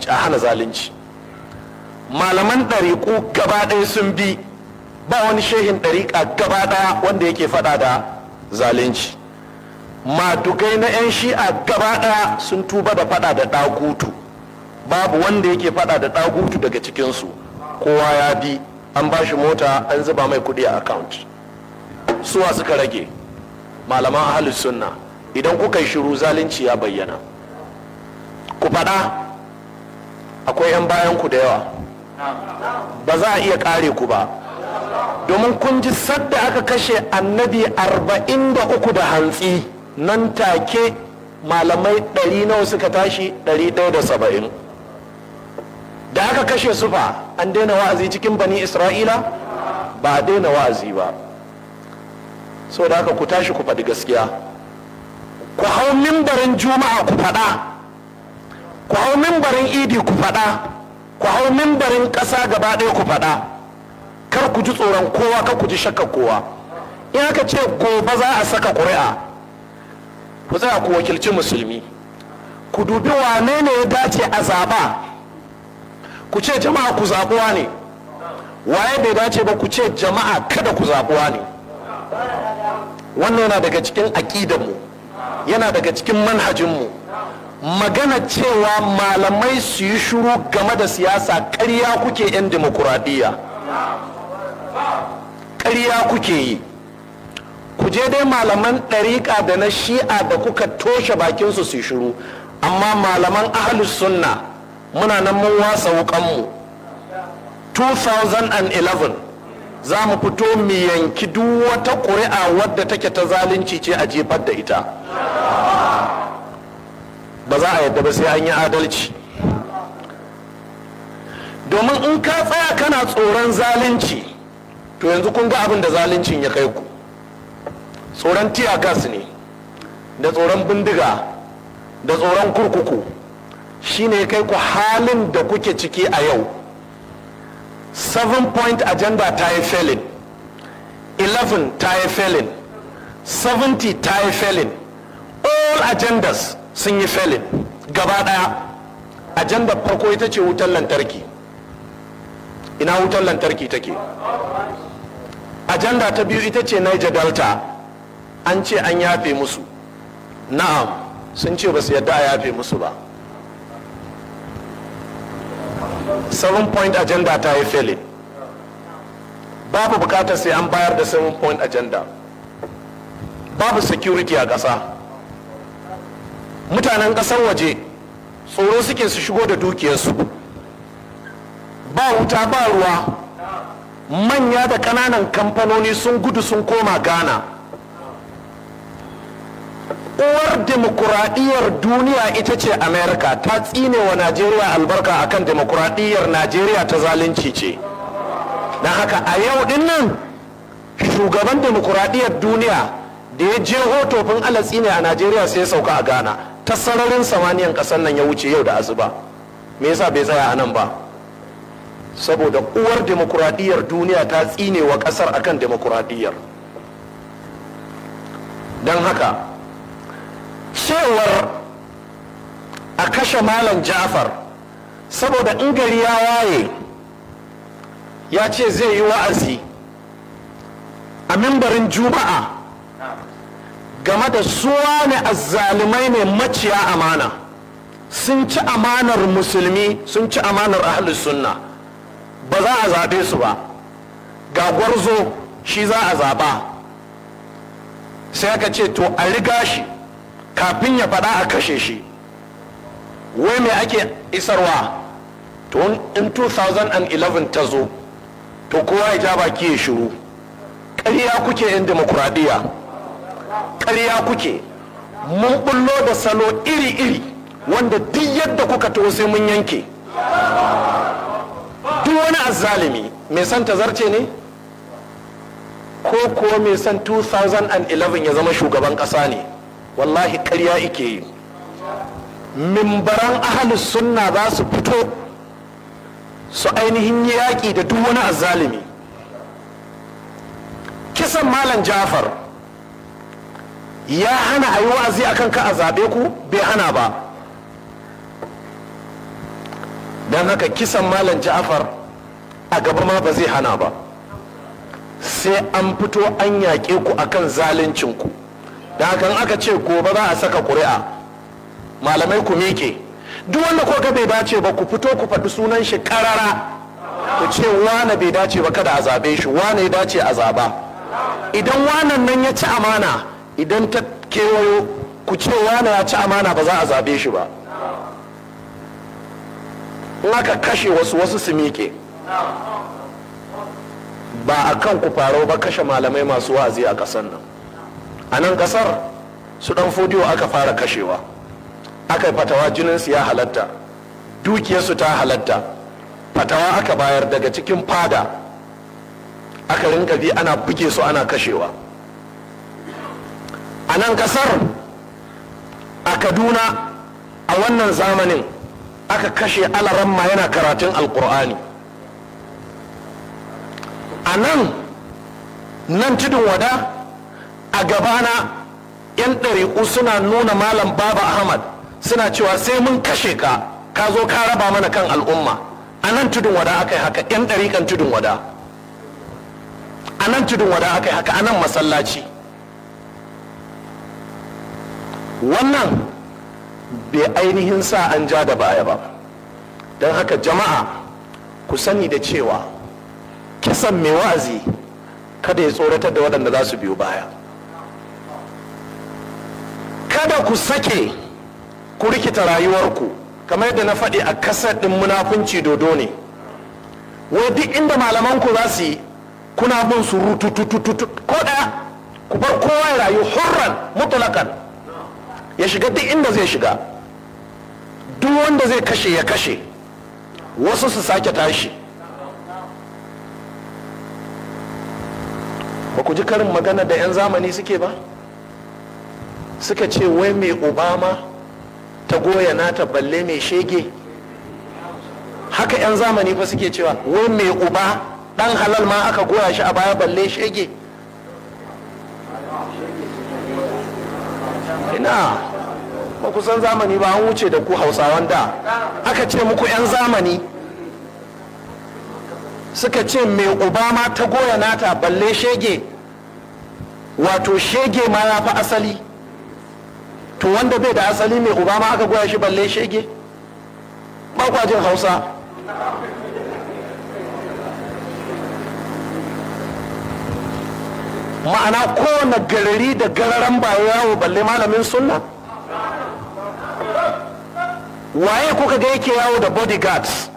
a hana zalunci malaman ɗariƙu gaba ɗaya sun bi ba wani shehin ɗariƙa gaba ɗaya wanda yake fada da zalunci matukai na 'yan shi'a gaba ɗaya sun tuba da fada da ɗagutu babu wanda yake fada da ɗagutu daga cikinsu kowa ya bi an ba shi mota an zuba mai kuɗi a account suwa suka rage malaman ahalus sunna idan kuka yi shiru zalunci ya bayyana ku faɗa akwai 'yan bayan ku da yawa ba za a iya kare ku ba domin kun ji sadda aka kashe annabi arba'in da uku da hantsi nan take malamai ɗari nawa suka tashi ɗari ɗaya da saba'in da aka kashe su fa an daina wa'azi cikin bani isra'ila ba a daina wa'azi ba so da haka ku tashi ku faɗi gaskiya ku hau mimbarin juma'a ku faɗa ku hau mimbarin idi ku faɗa ku hau mimbarin ƙasa gaba ɗaya ku faɗa kar ku ji tsoron kowa kar ku ji shakka kowa in aka ce gobe za a saka ƙuri'a ku tsaya ku wakilci musulmi ku dubi wane ne ya dace a zaba ku ce jama'a ku zaɓuwa ne waye bai dace ba ku ce jama'a kada ku zaɓuwa ne wannan yana daga cikin aƙidanmu yana daga cikin manhajinmu magana cewa malamai su yi shuru game da siyasa ƙarya kuke 'yan dimokuraɗiyya ƙarya kuke yi ku je dai malaman ɗariƙa da na shi'a da kuka toshe bakinsu su yi shuru amma malaman ahalus sunna muna nan mun wasa wukanmu 2011 za mu fito mu yanki duk wata ƙuri'a wadda take ta zalunci ce a jefar da ita ba za a yadda ba sai an yi adalci domin in ka tsaya kana tsoron zalunci to yanzu kun ga abin da zaluncin ya kai ku tsoron tiyakas ne da tsoron bindiga da tsoron kurkuku shine ne kai ku halin da kuke ciki a yau seven point agenda ta yi felin 11 ta yi felin 70 ta yi felin all agendas sun yi felin gaba daya agenda farko ita ce wutar lantarki ina wutar lantarki take agenda ta biyu ita ce niger delta an ce an yafe musu na'am sun ce ba su yadda a yafe musu ba seven point agenda ta yi fele babu bukatar sai an bayar da seven point agenda babu security a ƙasa mutanen ƙasar waje tsoro suke su shigo da dukiyarsu ba wuta ba ruwa manya da ƙananan kamfanoni sun gudu sun koma ghana uwar demokuraɗiyar duniya ita ce amerika ta tsine wa najeriya albarka akan demokuraɗiyar najeriya ta zalunci ce don haka a yau din nan shugaban demokuraɗiyar duniya da ya je hotofin alatsi ne a najeriya sai ya sauka a ghana ta sararin samaniyan ƙasar nan ya wuce yau da asuba me yasa bai tsaya a nan ba saboda uwar demokuraɗiyar duniya ta tsine wa ƙasar akan demokuraɗiyar don haka cewar a kashe malam ja'far saboda in gari ya waye ya ce zai yi wa'azi a mimbarin juma'a game da suwa ne azzalumai ne maciya amana sun ci amanar musulmi sun ci amanar ahlus sunna ba za a zaɓe su ba ga gwarzo shi za a zaɓa sai aka ce to a riga shi kafin ya faɗa a kashe shi wai mai ake isarwa to in 2011 ta zo to kowa ya ja baki ya shiru ƙarya kuke yin demokuraɗiyya ƙarya kuke mun ɓullo da salo iri-iri wanda duk yadda kuka to sai mun yanke duk wani azalimi mai son zarce ne ko kuwa mai son 2011 ya zama shugaban ƙasa ne wallahi karya ike yi mimbaran ahalus sunna za su fito su ainihin yaƙi da duk wani azalimi kisan malam jafar ya hana a yi wa'azi akan ka a zaɓe ku bai hana ba don haka kisan malam jafar a gaba ma ba zai hana ba sai an fito an yaƙe ku akan zaluncinku ku da hakan aka ce gobe za a saka ƙuri'a malamai ku miƙe duk wanda ko bai dace ba ku fito ku faɗi sunan shi ƙarara ku ce wane bai dace ba kada a zaɓe shi wane ya dace a zaɓa idan wanan nan ya ci amana idan ta kewayo ku ce wane ya ci amana ba za a zaɓe shi ba in aka kashe wasu wasu su miƙe ba a kan ku faro ba kashe malamai masu wa'azi a ƙasar nan a nan kasar su dan fodiyo aka fara kashewa aka yi fatawa jininsu ya halatta dukiyarsu ta halatta fatawa aka bayar daga cikin fada aka rinka bi ana buge su ana kashewa a nan kasar a kaduna a wannan zamanin aka kashe alaramma yana karatun alkur'ani a nan nan tudun wada a gabana yan ɗari'u suna nuna malam baba ahmad suna cewa sai mun kashe ka ka zo ka raba mana kan al'umma a nan tudun wada aka yi haka yan kan tudun wada a nan tudun wada aka yi haka a nan masallaci wannan bai ainihin sa an ja da baya ba don haka jama'a ku sani da cewa kisan mai wa'azi kada ya tsoratar da waɗanda za su biyo baya kada ku sake ku rikita rayuwarku kamar yadda na faɗi a kasar ɗin munafunci dodo ne wai duk inda malamanku za su yi kuna bin su rututututu ko ɗaya ku bar kowa ya rayu hurran mutulakan ya shiga duk inda zai shiga duk wanda zai kashe ya kashe wasu su sake tashi ba ku ji karin magana da 'yan zamani suke ba? suka ce wai mai obama ta goya nata balle mai shege haka 'yan zamani fa suke cewa wai mai uba dan halal ma aka goya shi a baya balle shege ina ba kusan zamani ba an wuce da ku hausawan da aka ce muku 'yan zamani suka ce mai obama ta goya nata balle shege wato shege ma ya fi asali to wanda bai da asali mai uba ma aka goya shi balle shege ba kwa jin hausa ma'ana kowane garari da gararan ba yawo balle malamin sunna waye kuka ga yake yawo da bodyguards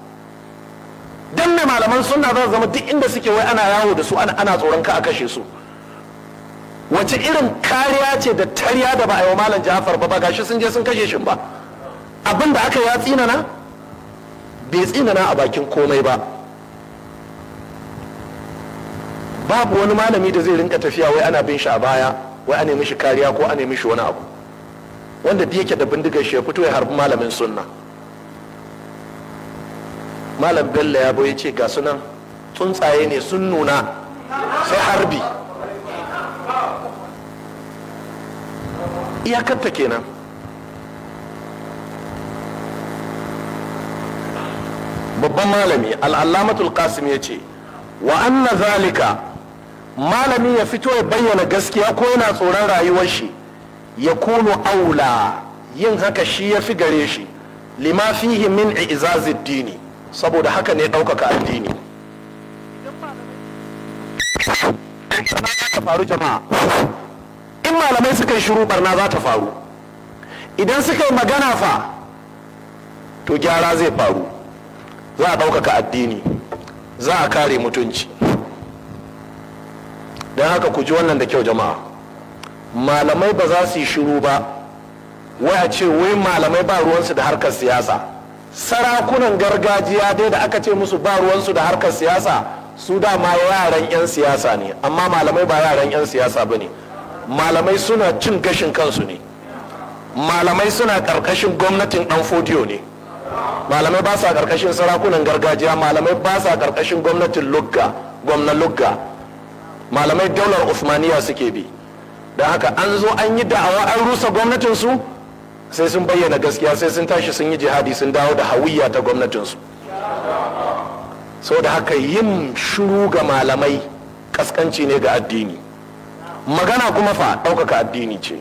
don mai malaman sunna za zama duk inda suke wai ana yawo da su ana tsoron ka a kashe su wace irin kariya ce da tariya da ba a yi wa malam ja'afar ba ba gashi sun je sun kashe shi ba abin da aka ya tsinana bai tsinana a bakin komai ba babu wani malami da zai rinka tafiya wai ana bin shi a baya wai ana mishi kariya ko ana mishi wani abu wanda da yake da bindigar shi ya fito ya harbi malamin sunna malam bello ya ya ce ga sunan tsuntsaye ne sun nuna sai harbi iyakarta kenan babban malami al'allamatul qasim ya ce wa anna zalika malami ya fito ya bayyana gaskiya ko yana tsoron rayuwar shi ya kunu aula yin haka shi ya fi gare shi lima fihi min izazid dini saboda haka ne ɗaukaka addini idan faru jama'a in malamai suka yi shiru barna za ta faru idan suka yi magana fa to gyara zai faru za a ɗaukaka addini za a kare mutunci don haka ku ji wannan da kyau jama'a malamai ba za su yi shiru ba wai ce wai malamai ba ruwansu da harkar siyasa sarakunan gargajiya dai da aka ce musu ba ruwansu da harkar siyasa su dama yaran 'yan siyasa ne amma malamai ba yaran 'yan siyasa ba ne malamai suna cin gashin kansu ne malamai suna karkashin gwamnatin dan fodiyo ne malamai ba sa karkashin sarakunan gargajiya malamai ba sa karkashin gwamnatin lugga gwamnan lugga malamai daular usmaniya suke bi don haka an zo an yi da'awa an rusa gwamnatinsu sai sun bayyana gaskiya sai sun tashi sun yi jihadi sun dawo da hawiya ta gwamnatinsu sau da haka yin shuru ga malamai kaskanci ne ga addini magana kuma fa ɗaukaka addini ce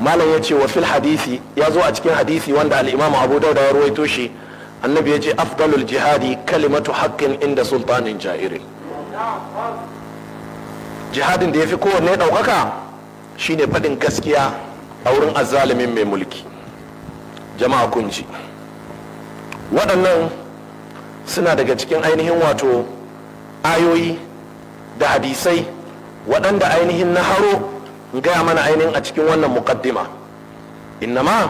malam ya ce wa fil hadisi ya zo a cikin hadisi wanda al'imamu abu dauda ya ruwaito shi annabi ya ce afdalul jihadi kalimatu haƙƙin inda sultanin jairin jihadin da ya fi kowanne ɗaukaka shine faɗin gaskiya a wurin azalimin mai mulki jama'a kunji waɗannan suna daga cikin ainihin wato ayoyi da hadisai waɗanda ainihin na haro gaya mana ainihin a cikin wannan muqaddima innama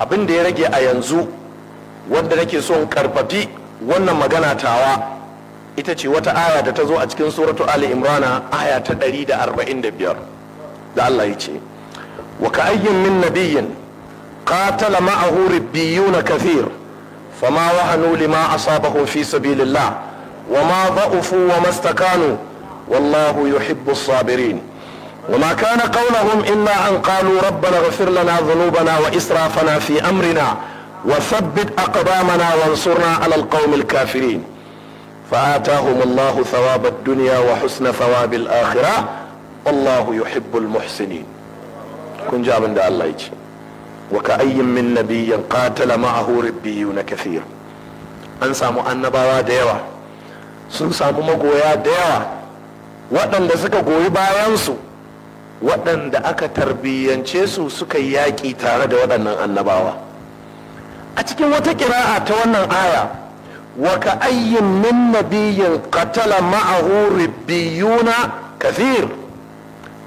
abin da ya rage a yanzu wanda nake son karfafi wannan magana tawa ita ce wata aya da ta zo a cikin suratu ali imrana aya ta 145 da Allah ya ce wa ka ayyin min nabiyyin qatala ma'ahu ribbiyuna kathir fama wahanu lima asabahum fi sabilillah ma ضعفوا wa mastakanu والله يحب الصابرين وما كان قولهم إلا أن قالوا ربنا اغفر لنا ذنوبنا وإسرافنا في أمرنا وثبت أقدامنا وانصرنا على القوم الكافرين فآتاهم الله ثواب الدنيا وحسن ثواب الآخرة والله يحب المحسنين كن جابن دا الله يجي وكأي من نبي قاتل معه ربيون كثير أنسى مؤنبا ديوا سنسى مقويا ديوا waɗanda suka goyi bayansu waɗanda aka tarbiyyance su suka yi yaƙi tare da waɗannan annabawa a cikin wata ƙira'a ta wannan aya wa ka ayyin min nabiyin qatala ma'ahu ribbiyuna kathir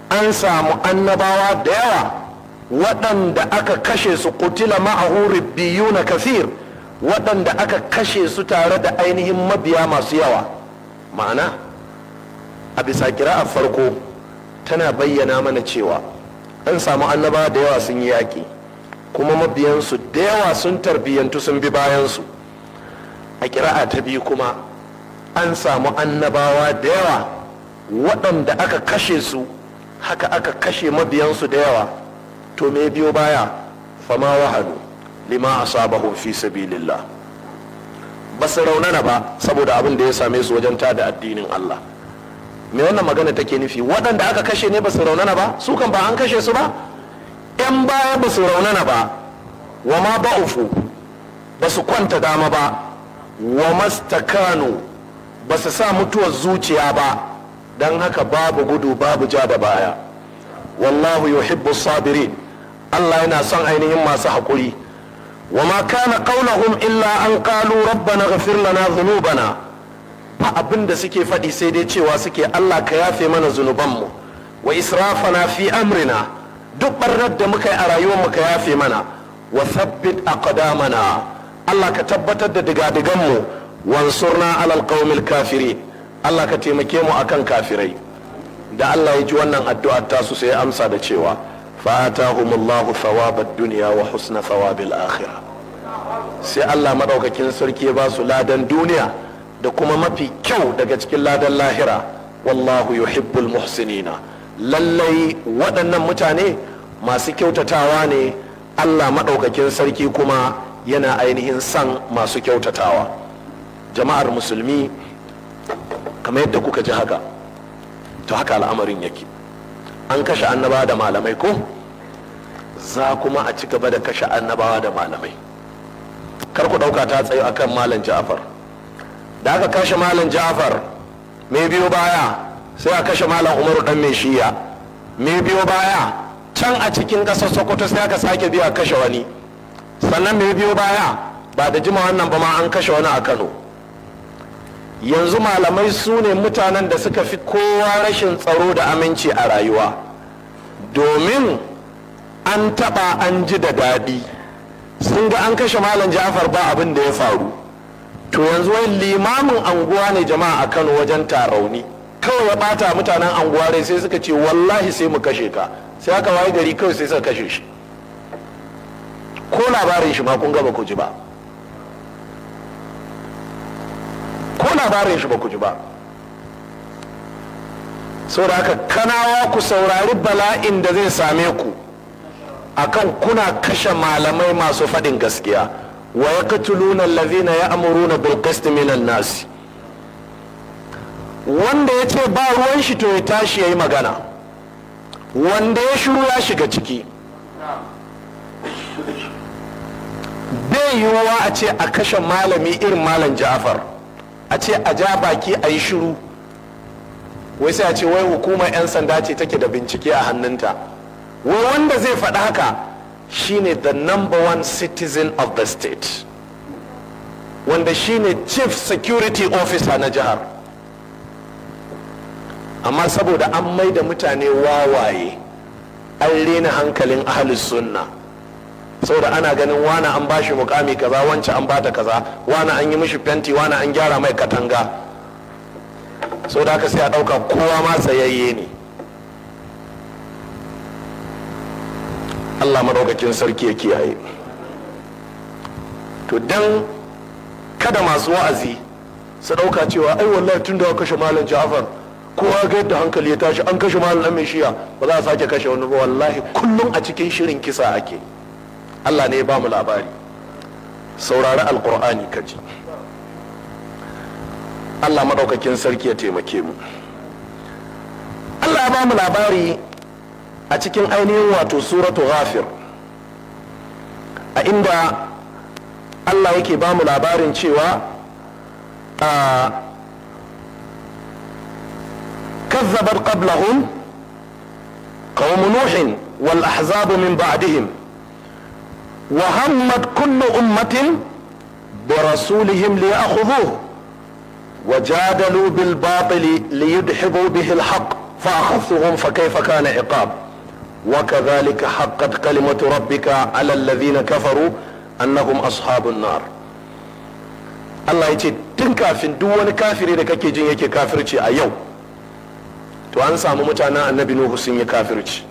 an samu annabawa da yawa waɗanda aka kashe su kutila ma'ahu ribbiyuna kathir waɗanda aka kashe su tare da ainihin mabiya masu yawa ma'ana a bisa kira'ar farko tana bayyana mana cewa an samu annaba da yawa sun yi yaƙi kuma mabiyansu da yawa sun tarbiyyantu sun bi bayansu a kira'a ta biyu kuma an samu annabawa da yawa waɗanda aka kashe su haka aka kashe mabiyansu da yawa to me biyo baya fama wahalu lima asabahum fi sabilillah ba su raunana ba saboda abin da ya same su wajen tada addinin Allah me wannan magana take nufi waɗanda aka kashe ne ba su raunana ba su kan ba an kashe su ba yan baya ba su raunana ba wa ma ba ufu ba su kwanta dama ba wa mastakanu ba su sa mutuwar zuciya ba don haka babu gudu babu ja da baya wallahu yuhibbu sabirin Allah yana son ainihin masu haƙuri wa ma kana qaulahum illa an qalu rabbana ghfir lana dhunubana abin da suke faɗi sai dai cewa suke Allah ka yafe mana zunubanmu wa israfana fi amrina duk barnar da muka yi a rayuwarmu ka yafe mana wa thabbit aqdamana Allah ka tabbatar da digadiganmu wansurna alal qaumil kafirin Allah ka taimake mu akan kafirai da Allah ya ji wannan addu'ar tasu sai ya amsa da cewa fatahumullahu thawabad dunya wa husna thawabil akhirah sai Allah madaukakin sarki ya ba su ladan duniya da kuma mafi kyau daga cikin ladan lahira wallahu yuhibbul muhsinina lallai waɗannan mutane masu kyautatawa ne allah maɗaukakin sarki kuma yana ainihin san masu kyautatawa jama'ar musulmi kamar yadda kuka ji haka to haka al'amarin yake an kashe annaba da malamai ko za kuma a ci gaba da kashe annabawa da malamai kar ku ɗauka ta tsayo akan malam ja'far da aka kashe malam jafar mai biyo baya sai a kashe malam umaru dan mai shiya mai biyo baya can a cikin ƙasar sokoto sai aka sake biya kashe wani sannan mai biyo baya ba da jima wannan ba ma an kashe wani a kano yanzu malamai su ne mutanen da suka fi kowa rashin tsaro da aminci a rayuwa domin an taɓa an ji da daɗi sun ga an kashe malam jafar ba abin da ya faru to yanzu wai limamin anguwa ne jama'a a kano wajen tarauni kawai ya bata mutanen anguwa rai sai suka ce wallahi sai mu kashe ka sai aka waye gari kawai sai suka kashe shi ko labarin shi ma kun gaba ba ku ji ba ko labarin shi ba ku ji ba da aka kanawa ku saurari bala'in da zai same ku akan kuna kashe malamai masu faɗin gaskiya wa yaqtuluna ya ya'muruna bil na minan Nasi? wanda ya ce ba ruwan shi to ya tashi ya yi magana wanda ya shiru ya shiga ciki bai yiwuwa a ce a kashe malami irin malam ja'far a ce a ja baki a yi shiru wai sai a ce wai hukumar 'yan sanda ce take da bincike a hannunta wai wanda zai faɗi haka shine the number one citizen of the state wanda shine chief security officer na jihar amma saboda an mai da mutane wawaye an rena hankalin ahalus sunna saboda ana ganin wani an bashi mukami kaza wancan an bata kaza wani an yi mishi fenti wani an gyara mai katanga saboda haka sai a ɗauka kowa ma sayayye ne allah maɗaukakin sarki ya kiyaye to don kada masu wa'azi su ɗauka cewa ai wallahi tun da aka kashe malam ja'far kowa ga yadda hankali ya tashi an kashe malam ɗan shiya ba za a sake kashe wani ba wallahi kullum a cikin shirin kisa ake allah ne ya ba mu labari saurari alkur'ani kaji allah maɗaukakin sarki ya taimake mu allah ya ba mu labari a cikin ainihin wato suratu ghafir a inda allah yake ba mu labarin cewa a kazzabar قوم نوح والأحزاب من بعدهم وهمت كل أمة برسولهم ليأخذوه وجادلوا بالباطل ليدحضوا به الحق فأخذتهم فكيف كان عقاب وكذلك حقت كلمة ربك على الذين كفروا أنهم أصحاب النار Allah ya ce tun kafin duk wani kafiri da kake jin yake kafirci a yau to an samu mutanen annabi Nuhu sun yi kafirci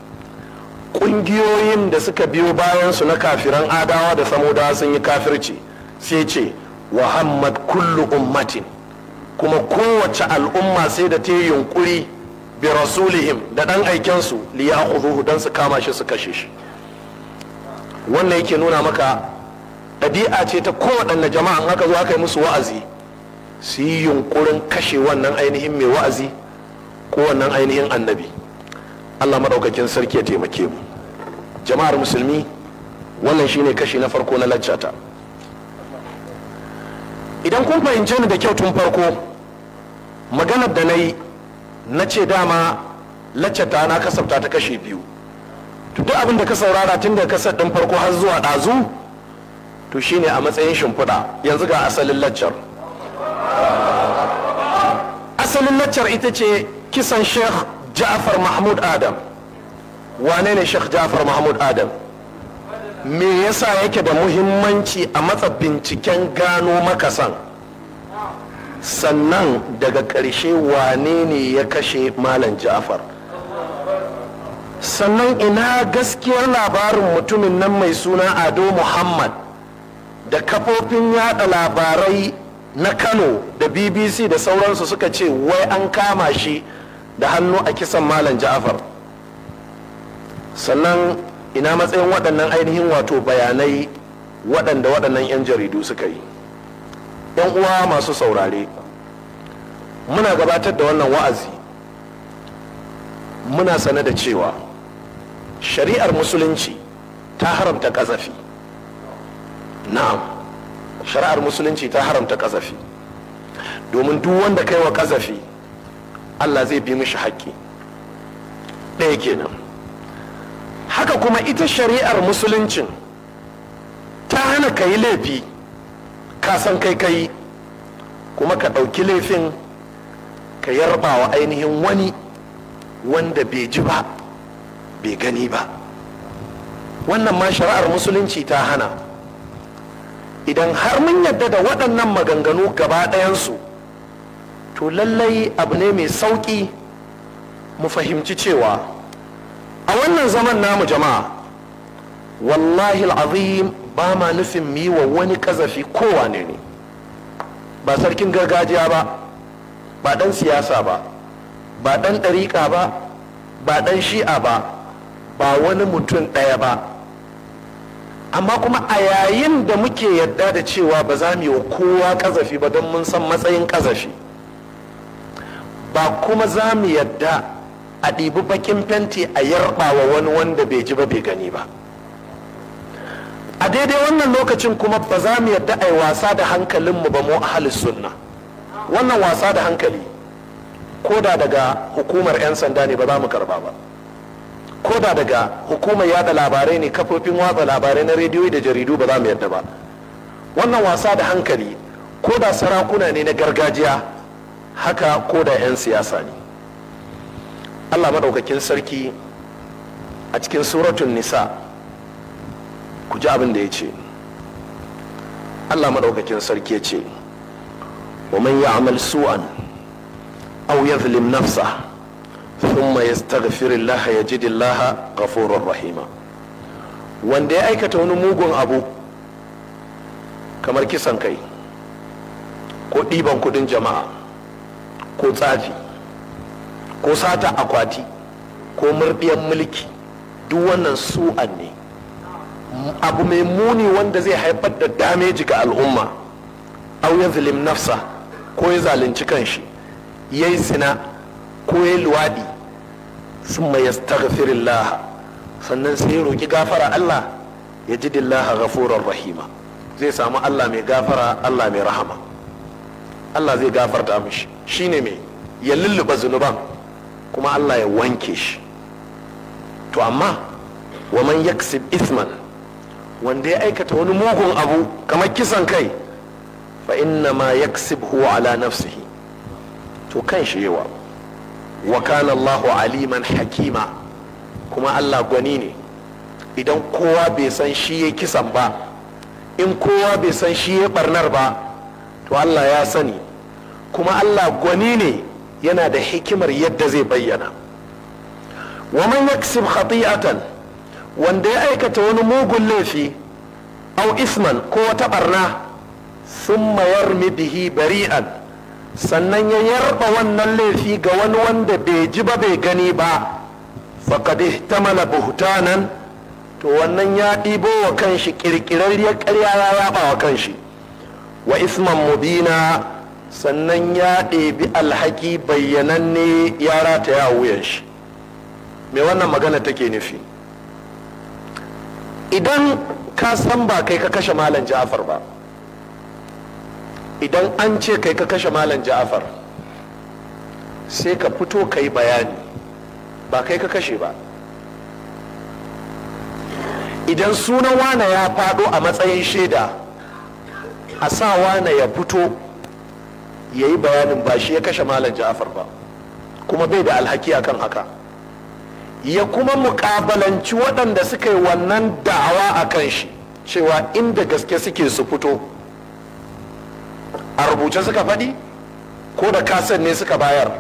ƙungiyoyin da suka biyo bayansu na kafiran adawa da samoda sun yi kafirci sai ce wa hammad kullu ummatin kuma kowace al'umma sai da ta yi yunkuri bi rasulihim da dan aikensu li ya'khudhuhu dan su kama shi su kashe shi wannan yake nuna maka ɗabi'a ce ta kowaɗanne jama'an haka zo aka musu wa'azi su yi yunkurin kashe wannan ainihin mai wa'azi ko wannan ainihin annabi allah maɗaukakin sarki ya taimake mu jama'ar musulmi wannan shine kashi na farko na laccata idan kun fahimce ni da kyau tun farko maganar da na yi na ce dama laccata na kasafta ta kashe biyu to duk abin da ka saurara tun da kasar din farko har zuwa ɗazu to shine a matsayin shimfiɗa yanzu ga asalin laccar asalin laccar ita ce kisan sheikh ja'far mahmud adam wane ne sheikh ja'far mahmud adam me yasa yake da muhimmanci a matsa binciken gano makasan sannan daga ƙarshe wane ne ya kashe malam ja'far sannan ina gaskiyar labarin mutumin nan mai suna ado muhammad da kafofin yada labarai na kano da bbc da sauransu suka ce wai an kama shi da hannu a kisan malam ja'far sannan ina matsayin waɗannan ainihin wato bayanai waɗanda waɗannan 'yan jaridu suka yi yan uwa masu saurare muna gabatar da wannan wa'azi muna sane da cewa shari'ar musulunci ta haramta kazafi na'am shari'ar musulunci ta haramta kazafi domin duk wanda kai wa ƙazafi allah zai bi mishi haƙƙi ɗaya kenan haka kuma ita shari'ar musuluncin ta hana ka yi laifi ka san kai kai kuma ka ɗauki laifin ka yarba wa ainihin wani wanda bai ji ba bai gani ba wannan ma shari'ar musulunci ta hana idan har mun yadda da waɗannan maganganu gaba ɗayansu to lallai abu ne mai sauƙi mu fahimci cewa a wannan zaman namu jama'a wallahi al'azim ba ma nufin mu yi wa wani kazafi kowane ne ba sarkin gargajiya ba ba dan siyasa ba ba dan ɗariƙa ba ba dan shi'a ba ba wani mutum ɗaya ba amma kuma a yayin da muke yadda da cewa ba za mu yi wa kowa kazafi ba don mun san matsayin kazafi ba kuma za mu yadda a ɗibi bakin fenti a yarɓa wa wani wanda bai ji ba bai gani ba a daidai wannan lokacin kuma ba za mu yadda a yi wasa da hankalinmu ba mu ahalis sunna wannan wasa da hankali ko da daga hukumar 'yan sanda ne ba za mu karba ba ko da daga hukumar yada labarai ne kafofin watsa labarai na rediyo da jaridu ba za mu yadda ba wannan wasa da hankali ko da sarakuna ne na gargajiya haka ko da 'yan siyasa ne allah madaukakin sarki a cikin suratun nisa' ku ji abin da ya ce allah maɗaukakin sarki ya ce wa man ya'mal su'an aw yadhlim nafsa thumma yastaghfir ya yajid Allah ghafurur rahima wanda ya aikata wani mugun abu kamar kisan kai ko ɗiban kudin jama'a ko tsafi ko sata akwati ko murɗiyan mulki duk wannan su'an ne abu mai muni wanda zai haifar da dameji ga al'umma au ya zalim nafsa ko ya zalunci kanshi ya yi sina ko ya yi luwaɗi sun mai Laha. sannan sai ya roƙi gafara Allah ya ji dillaha ghafurar rahima zai samu Allah mai gafara Allah mai rahama Allah zai gafarta mishi shine mai ya lulluɓa zunuban kuma Allah ya wanke shi to amma wa man yaksib isman wanda ya aikata wani mugun abu kamar kisan kai fa inna ma yaksibhu ala nafsihi to kan shi yawa wa kana Allahu aliman hakima kuma Allah gwani ne idan kowa bai san shi ya kisan ba in kowa bai san shi ya barnar ba to Allah ya sani kuma Allah gwani ne yana da hikimar yadda zai bayyana wa man yaksib khati'atan wanda ya aikata wani mugun laifi au isman ko wata barna sun mayar bihi bari'an sannan ya yarba wannan laifi ga wani wanda bai ji ba bai gani ba faqad mana nan. to wannan ya ɗibo wa kanshi ya ƙarya ya yaba wa kanshi wa isman mubina sannan ya ɗebi alhaki bayyananne ya rata ya wuyan shi me wannan magana take nufi idan ka san ba kai ka kashe malam ja'afar ba idan an ce kai ka kashe malam ja'afar sai ka fito ka yi bayani ba kai ka kashe ba idan sunan wane ya faɗo a matsayin shaida a sa wane ya fito ya yi bayanin ba shi ya kashe malam ja'afar ba kuma bai da alhaki akan haka ya kuma mukabalanci waɗanda suka yi wannan da'awa a kan shi cewa inda gaske suke su fito a rubuce suka faɗi ko da kasan ne suka bayar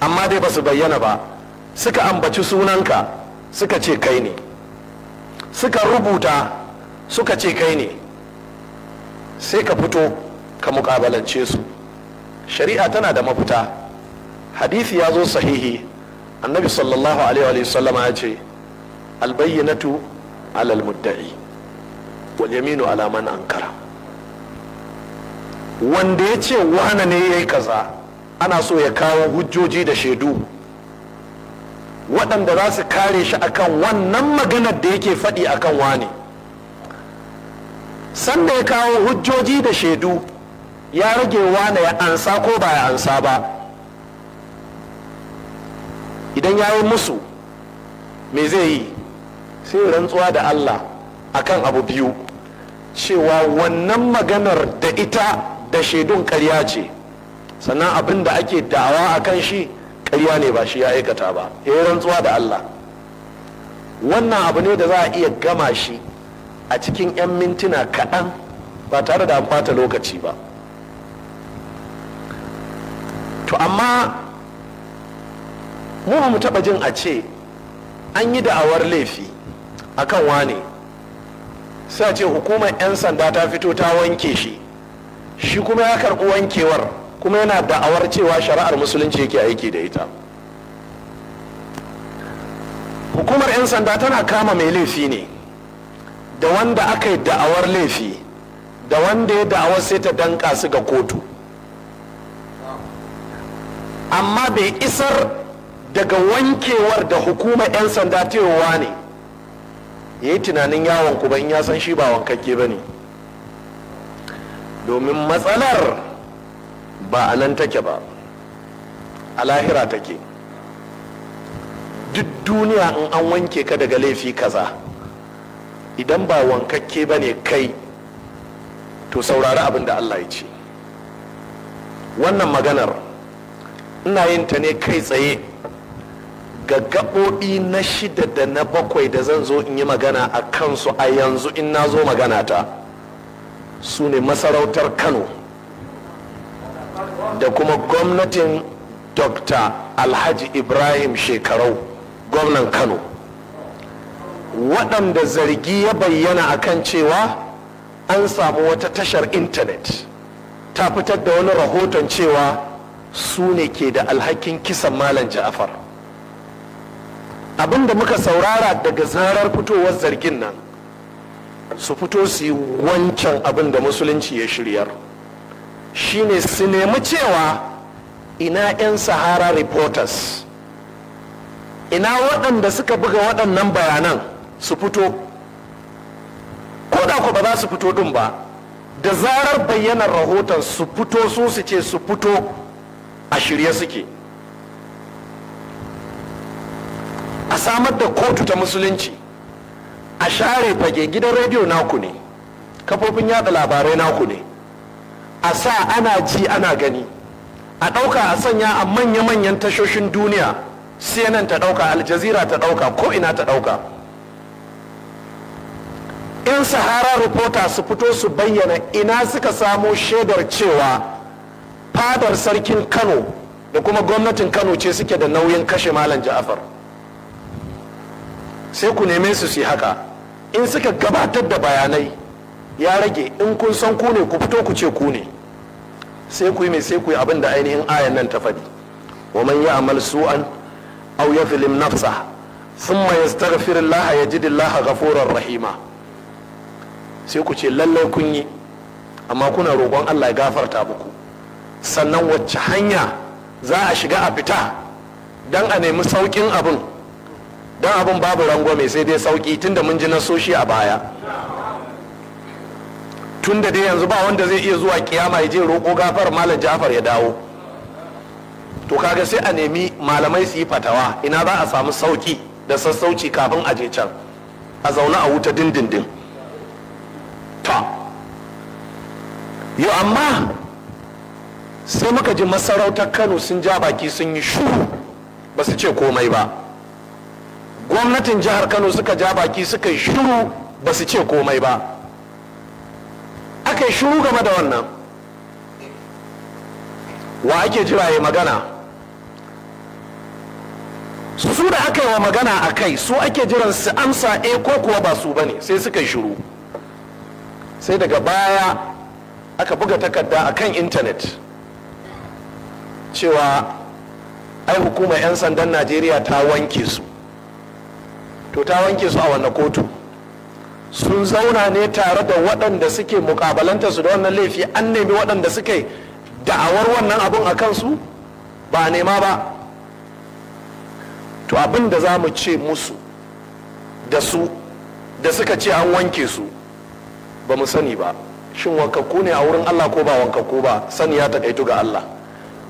amma dai ba su bayyana ba suka ambaci sunanka suka ce kai ne suka rubuta suka ce kai ne sai ka fito ka mukabalance su shari'a tana da mafita hadisi ya zo sahihi annabi sallallahu alaihi wa sallam ya ce albayyanatu alal mudda'i wal yaminu ala man ankara wanda ya ce wane ne yayi kaza ana so ya kawo hujjoji da shaidu waɗanda za su kare shi akan wannan maganar da yake faɗi akan wane sanda ya kawo hujjoji da shaidu ya rage wane ya ansa ko ba ya ansa ba idan ya yi musu me zai yi sai rantsuwa da allah akan abu biyu cewa wannan maganar da ita da shaidun karya ce sannan abin da ake da'awa a kan shi karya ne ba shi ya aikata ba ya yi rantsuwa da allah wannan abu ne da za a iya gama shi a cikin 'yan mintuna kaɗan ba tare da an bata lokaci ba to amma mu ba mu taba jin a ce an yi da'awar laifi a kan wane sai ce hukumar 'yan sanda ta fito ta wanke shi shi kuma ya karɓi wankewar kuma yana da'awar cewa shari'ar musulunci yake aiki da ita hukumar 'yan sanda tana kama mai laifi ne da wanda aka yi da'awar laifi da wanda ya da'awar sai ta danka su ga kotu amma bai isar daga wankewar da hukumar 'yan sanda tewa ne ya yi tunanin yawon ku ban ya san shi ba wankakke ba ne domin matsalar ba a nan take ba a lahira take duk duniya in an wanke ka daga laifi kaza idan ba wankakke ba ne kai to saurari abin da allah ya ce wannan maganar ina yin ta ne kai tsaye ga gaɓoɓi na shida da na bakwai da zan zo in yi magana a kansu a yanzu in na zo magana ta su ne masarautar kano da kuma gwamnatin dr alhaji ibrahim shekarau gwamnan kano waɗanda zargi ya bayyana a kan cewa an samu wata tashar intanet ta fitar da wani rahoton cewa su ne ke da alhakin kisan malam ja'afar abin da muka saurara daga zarar fitowar zargin nan su fito su yi wancan abin da musulunci ya shiryar shine su nemi cewa ina 'yan sahara reporters ina waɗanda suka buga waɗannan bayanan su fito ko ku ba za su fito ɗin ba da zarar bayyanar rahoton su fito su su ce su fito a shirye suke a samar da kotu ta musulunci a share fage gidan rediyo naku ne kafofin yada labarai naku ne a sa ana ji ana gani a ɗauka a sanya a manya-manyan tashoshin duniya cnn ta ɗauka aljazira ta ɗauka ko ina ta ɗauka in sahara reporter su fito su bayyana ina suka samo shaidar cewa fadar sarkin kano da kuma gwamnatin kano ce suke da nauyin kashe malam ja'afar sai ku neme su su haka in suka gabatar da bayanai ya rage in kun san ku ne ku fito ku ce ku ne sai ku yi mai sai ku yi abin da ainihin ayan nan ta faɗi wa man ya'mal su'an aw yadhlim nafsa thumma yastaghfir Allah yajid Allah ghafurar rahima sai ku ce lallai kun yi amma kuna roƙon Allah ya gafarta muku sannan wacce hanya za a shiga a fita don a nemi saukin abin don abin babu rangwame sai dai sauki tunda mun ji nasoshi a baya tunda dai yanzu ba wanda zai iya zuwa kiyama ya je roƙo gafar malam jafar ya dawo to kaga sai a nemi malamai su yi fatawa ina za a samu sauki da sassauci kafin a je can a zaune a wuta dindindin ta yau amma sai muka ji masarautar kano sun ja baki sun yi shuru ba su ce komai ba gwamnatin jihar kano suka ja baki suka yi shiru ba su ce komai ba aka yi shiru game da wannan wa ake jira ya magana su da aka yi wa magana a kai su ake jiran su amsa e ko kuwa ba su bane sai suka yi shiru sai daga baya aka buga takarda a kan intanet cewa ai hukumar 'yan sandan najeriya ta wanke su to ta wanke su a wannan kotu sun zauna ne tare da waɗanda suke mukabalanta su da wannan laifi an nemi waɗanda suke da'awar wannan abun a kansu ba nema ba to abin da za mu ce musu da su da suka ce an wanke su ba mu sani ba shin wankakku ne a wurin allah ko ba wankakku ba sani ya taƙaitu ga allah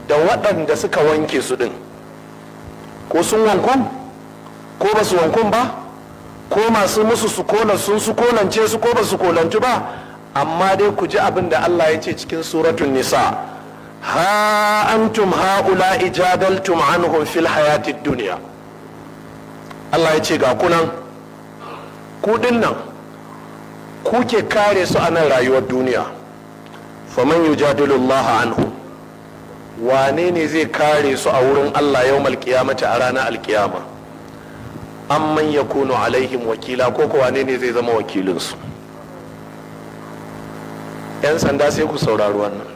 da waɗanda suka wanke su ɗin ko sun wanku ko ba su wankun ba ko masu musu su kolan sun su kolance su ko ba su kolantu ba amma dai ku ji abin da Allah ya ce cikin suratun nisa ha antum haula ijadaltum anhum fil hayatid dunya Allah ya ce ga kunan ku dinnan kuke kare su a nan rayuwar duniya faman yujadilu Allah anhu wane ne zai kare su a wurin Allah yawmal qiyamati a ranar alkiyama man ya kuno alaihim wakila ko kuwa ne ne zai zama wakilinsu yan sanda sai ku saurari wannan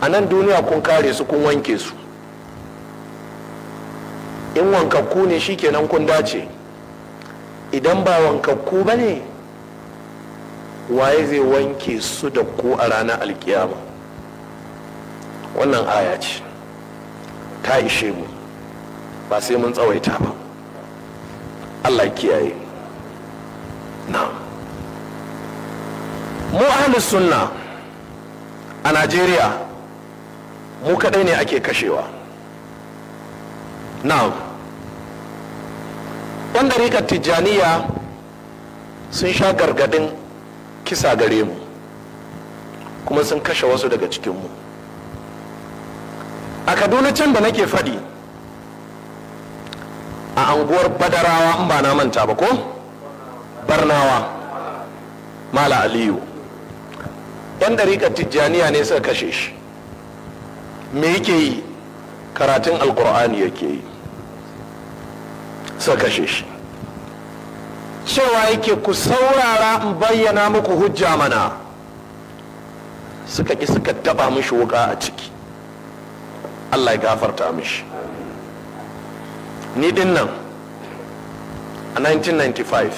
a nan duniya kun kare su kun wanke su in wankakku ne shikenan kun dace idan ba wankakku ba ne waye zai wanke su da ku a ranar alkiyama wannan aya ce ta ishe mu ba sai mun tsawaita ba Allah kiyaye na mu ahlus sunna a Najeriya mu kadai ne ake kashewa na yan dariƙar tijjaniya sun sha gargadin kisa gare mu kuma sun kashe wasu daga cikinmu a kaduna can da nake faɗi a anguwar badarawa in ba na manta ba ko barnawa mala aliyu yan ɗariƙar tijjaniya ne suka kashe shi me yake yi karatun alkur'ani yake yi suka kashe shi cewa yake ku saurara in bayyana muku hujja mana suka ƙi suka taɓa mishi wuka a ciki allah ya gafarta mishi ni din nan a 1995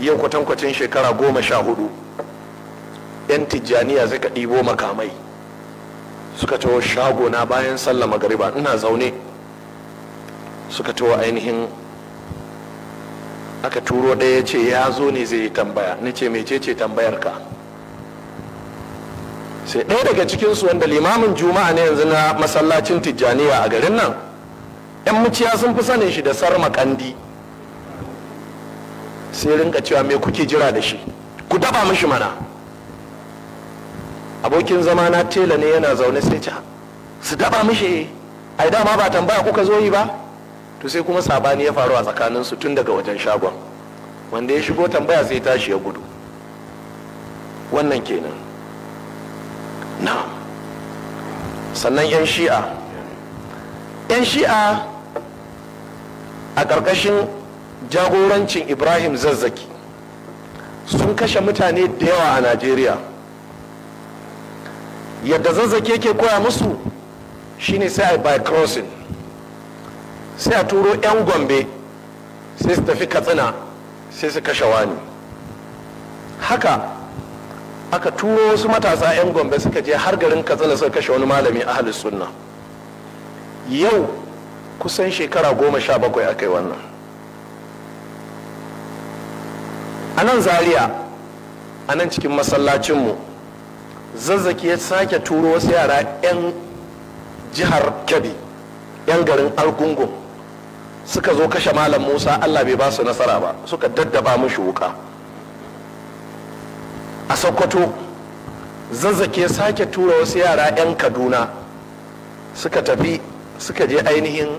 yau kwatankwacin shekara goma sha hudu 'yan tijjaniya suka ɗibo makamai suka taho shagona bayan sallah magariba ina zaune suka taho ainihin aka turo ɗaya ce ya zo ne zai yi tambaya ni ce mecece tambayar ka sai ɗaya daga cikinsu wanda limamin juma'a ne yanzu na masallacin tijjaniya a garin nan yan muciya sun fi sanin shi da sarmakandi sai rinka cewa me kuke jira da shi ku daba mishi mana abokin zama na tela ne yana zaune sai ca su daba mishi ai dama ba tambaya kuka zo yi ba to sai kuma sabani ya faru a tsakaninsu tun daga wajen shagon wanda ya shigo tambaya sai tashi ya gudu wannan kenan na sannan 'yan shi'a 'yan shi'a a ƙarƙashin jagorancin ibrahim zazzaki sun kashe mutane da yawa a najeriya yadda zazzaki yake koya musu shine sai a by crossing sai a turo 'yan gombe sai su tafi katsina sai su kashe wani haka aka turo wasu matasa 'yan gombe suka je har garin katsina suka kashe wani malami ahalus sunna yau kusan shekara goma sha bakwai aka yi wannan a nan zaria a nan cikin masallacinmu zazzaki ya sake turo wasu yara 'yan jihar kebbi 'yan garin argungun suka zo kashe malam musa allah bai ba su nasara ba suka daddaba mushi wuka a sokoto ya sake tura wasu yara 'yan kaduna suka tafi suka je ainihin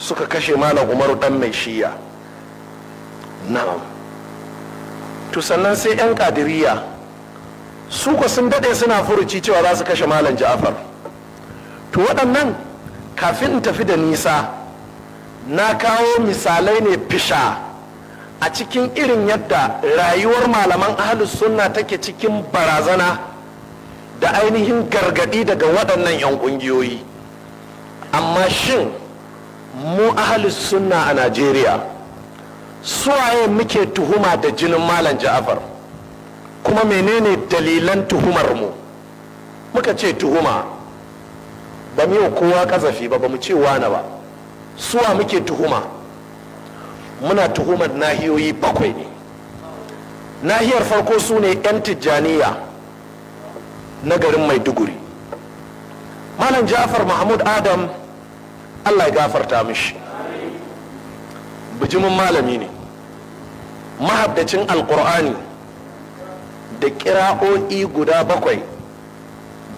suka kashe malam umaru dan mai shiya na'am to sannan sai 'yan kadiriya su sun daɗe suna furuci cewa za su kashe malam ja'afar to waɗannan kafin in tafi da nisa na kawo misalai ne fisha a cikin irin yadda rayuwar malaman ahalus sunna take cikin barazana da ainihin gargaɗi daga waɗannan 'yan ƙungiyoyi amma shin mu ahalus sunna a najeriya suwaye muke tuhuma da jinin malam ja'afar kuma menene dalilan tuhumar mu muka ce tuhuma ba mu kowa kazafi ba ba mu ce wane ba suwa muke tuhuma muna tuhumar nahiyoyi bakwai ne nahiyar farko su ne 'yan tijjaniya na garin maiduguri malam ja'afar mahmud adam allah ya gafarta mishi bijimin malami ne mahaddacin alkur'ani da kira'o'i guda bakwai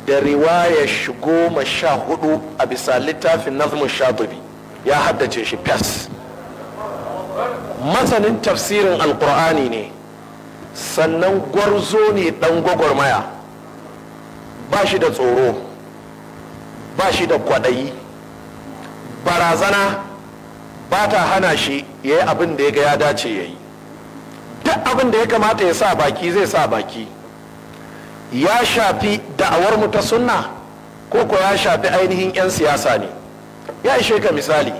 da riwaya goma sha hudu a bisa littafin nazmin shatubi ya haddace shi fes masanin tafsirin alkur'ani ne sannan gwarzo ne dan gwagwarmaya ba shi da tsoro ba shi da kwaɗayi barazana ba ta hana shi ya yi abin da ya ga ya dace ya yi duk abin da ya kamata ya sa baki zai sa baki ya shafi da'awar mu ta sunna ko ko ya shafi ainihin 'yan siyasa ne ya ishe ka misali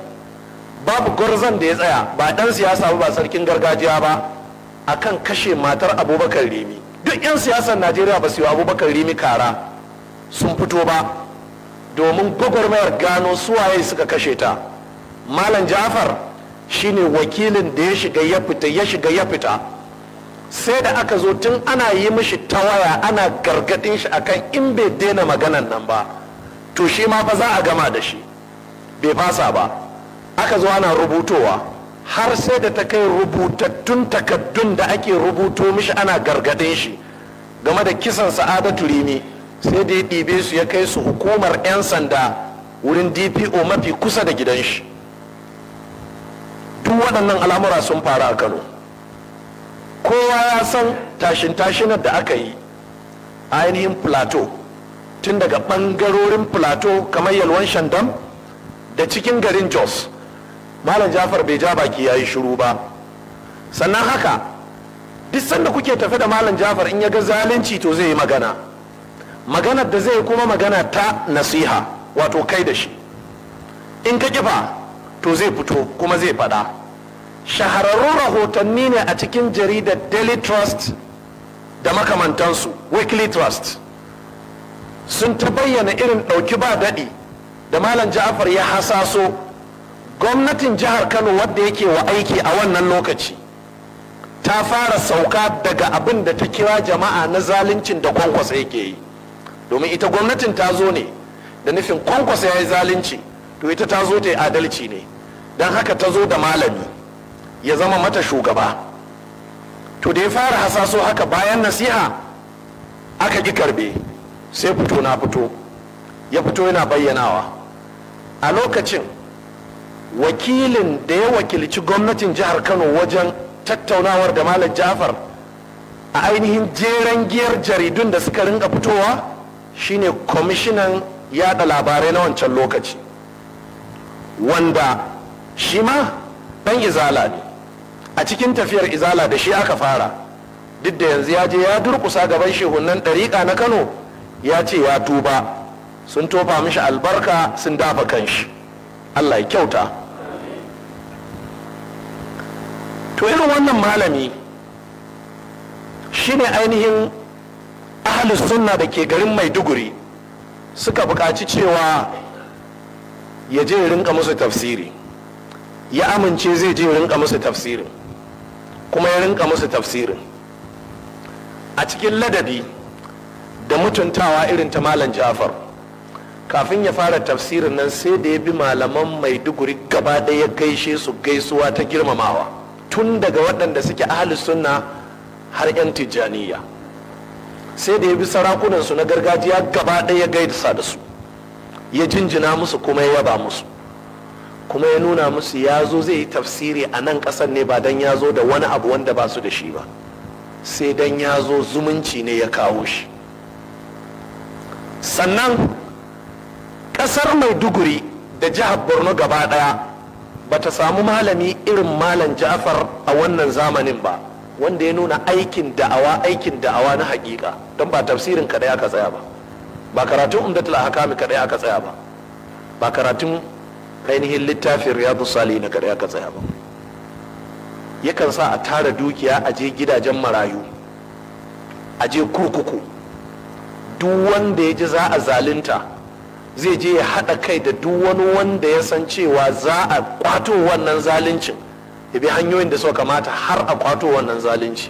babu gwarzon da ya tsaya ba dan siyasa ba sarkin gargajiya ba akan kashe matar abubakar rimi duk 'yan siyasar najeriya ba su yi abubakar rimi kara sun fito ba domin gwagwarmayar gano suwaye suka kashe ta malam jafar shine wakilin da ya shiga ya fita ya shiga ya fita sai da aka zo tun ana yi mishi tawaya ana gargadin shi akan in bai daina maganan nan ba to shi ma fa za a gama da shi bai fasa ba aka zo ana rubutowa har sai da ta kai rubutattun takaddun da ake rubuto mishi ana gargadin shi game da kisan sa'adatu rimi sai da ya ɗibe su ya kai su hukumar 'yan sanda wurin dpo mafi kusa da gidan shi duk waɗannan al'amura sun fara a kano kowa ya san tashin tashinar da aka yi ainihin plateau tun daga ɓangarorin plateau kamar yalwan shandam da cikin garin jos malam jafar bai ja baki ya yi shiru ba sannan haka duk sanda kuke tafe da malam jafar in ya ga zalunci to zai yi magana maganar da zai kuma magana ta nasiha wato kai da shi in ka kifa to zai fito kuma zai faɗa shahararrun rahotanni ne a cikin jaridar daily trust da makamantansu weekly trust sun ta bayyana irin ɗauki ba daɗi da malam ja'afar ya hasaso gwamnatin jihar kano wadda yake wa aiki a wannan lokaci ta fara sauka daga abin da ta kira jama'a na zaluncin da kwankwasa yake yi domin ita gwamnatin ta zo ne da nufin kwankwasa ya yi zalunci to ita ta zo ta yi adalci ne don haka ta zo da malami ya zama mata shugaba to da ya fara hasaso haka bayan nasiha aka ƙi karbe sai fito na fito ya fito yana bayyanawa a lokacin wakilin da ya wakilci gwamnatin jihar kano wajen tattaunawar da malam jafar a ainihin jeren giyar jaridun da suka ringa fitowa shine kwamishinan yada labarai na wancan lokaci wanda shi ma dan izala ne a cikin tafiyar izala da shi aka fara duk da yanzu ya je ya durkusa gaban shehunan ɗariƙa na kano ya ce ya tuba sun tofa mishi albarka sun dafa kanshi allah ya kyauta to irin wannan malami shine ainihin ahalus sunna da ke garin maiduguri suka buƙaci cewa ya je rinka musu tafsiri ya amince zai je rinka musu tafsirin kuma ya rinka musu tafsirin a cikin ladabi da mutuntawa irin ta malam jafar kafin ya fara tafsirin nan sai da ya bi malaman maiduguri gaba ɗaya ya gaishe su gaisuwa ta girmamawa tun daga waɗanda suke ahalus sunna har 'yan tijjaniya sai da ya bi sarakunansu na gargajiya gaba ɗaya ya gaisa da su ya jinjina musu kuma ya yaba musu kuma ya nuna musu ya zo zai yi tafsiri a nan ƙasar ne ba don ya zo da wani abu wanda ba su da shi ba sai don ya zo zumunci ne ya kawo shi sannan ƙasar maiduguri da jihar borno gaba ɗaya ba ta samu malami irin malam jafar a wannan zamanin ba wanda ya nuna aikin da'awa aikin da'awa na hakika don ba tafsirin kadai aka tsaya ba ba karatun umdatul hakami kadai aka tsaya ba ba karatun ainihin littafin riyadu sali na kadai aka tsaya ba yakan sa a tara dukiya a je gidajen marayu a je kurkuku duk wanda ya ji za a zalunta zai je ya haɗa kai da duk wani wanda ya san cewa za a kwato wannan zaluncin ya bi hanyoyin da suka kamata har a kwato wannan zalunci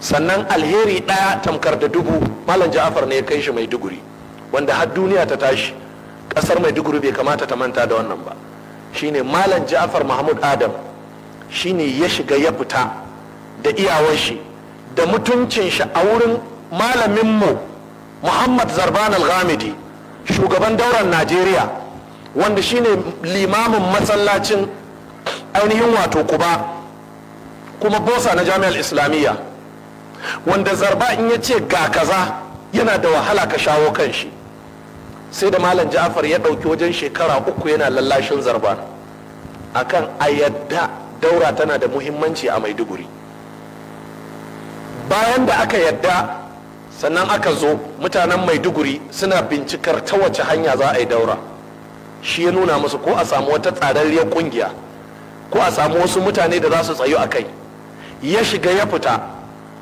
sannan alheri ɗaya tamkar da dubu malam ja'afar ne ya kai shi mai duguri wanda har duniya ta tashi ƙasar mai duguri bai kamata ta manta da wannan ba shine malam ja'afar mahmud adam shine ya shiga ya fita da iyawar shi da mutuncin shi a wurin malaminmu muhammad zarban al-ghamidi shugaban dauran najeriya wanda shine limamin masallacin ainihin wato ku ba, kuma bosa na jami'ar islamiyya wanda zarba in ya ce ga kaza yana da wahala ka shawo kan shi sai da malam ja'far ya ɗauki wajen shekara uku yana lallashin zarba akan a yadda daura tana da muhimmanci a maiduguri bayan da aka yadda sannan aka zo mutanen maiduguri suna bincikar ta wace hanya za a yi daura shi ya nuna musu ko a samu wata tsararriyar kungiya ko a samu wasu mutane da za su tsayu a kai ya shiga ya fita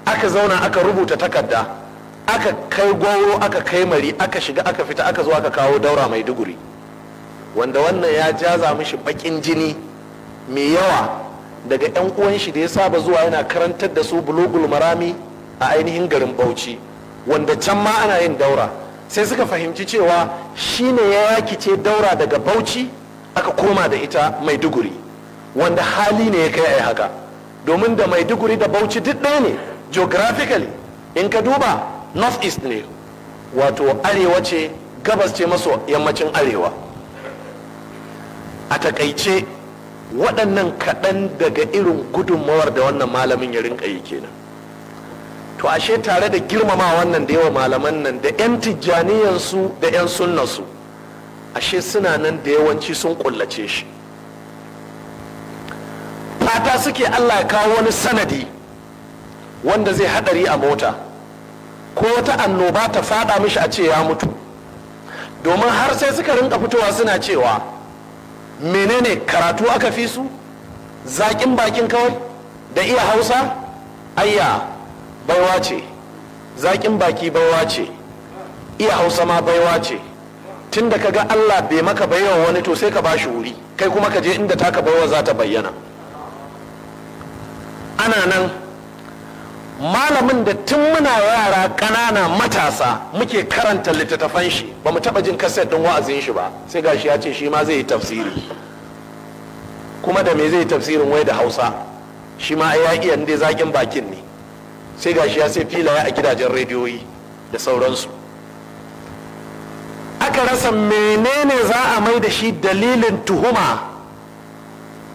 aka zauna aka rubuta takarda aka kai gwauro aka kai mari aka shiga aka fita aka zo aka kawo daura mai duguri wanda wannan ya jaza mishi bakin jini mai yawa daga 'yan uwan shi da ya saba zuwa yana karantar da su bulogul marami a ainihin garin bauchi wanda can ma ana yin daura sai suka fahimci cewa shine ya yakice daura daga bauchi aka koma da ita mai duguri wanda hali ne ya kai a haka domin da mai maiduguri da bauchi duk ɗaya ne geographically in ka duba north east ne wato arewa ce gabas ce maso yammacin arewa a takaice waɗannan kaɗan daga irin gudunmawar da wannan malamin ya rinka yi kenan to ashe tare da girmama wannan da yawa malaman nan da 'yan tijjaniyansu da 'yan sunnansu ashe suna nan da yawanci sun ƙullace shi fata suke allah ya kawo wani sanadi wanda zai hadari a mota ko wata annoba ta fada mishi a ce ya mutu domin har sai suka rinka fitowa suna cewa menene karatu aka fi su zaƙin bakin kawai da iya hausa ayya baiwa ce zaƙin baki baiwa ce iya hausa ma baiwa ce tun da ka ga allah bai maka baiwa wani to sai ka ba shi wuri kai kuma ka je inda taka baiwa za ta bayyana ana nan malamin da tun muna yara ƙanana matasa muke karanta littattafan shi ba mu taɓa jin kaset don wa'azin shi ba sai gashi ya ce shi ma zai yi tafsiri kuma da me zai yi tafsirin wai da hausa shi ma ya iya zaƙin bakin ne sai gashi ya sai filaya a gidajen rediyoyi da sauransu aka rasa menene za a mai da shi dalilin tuhuma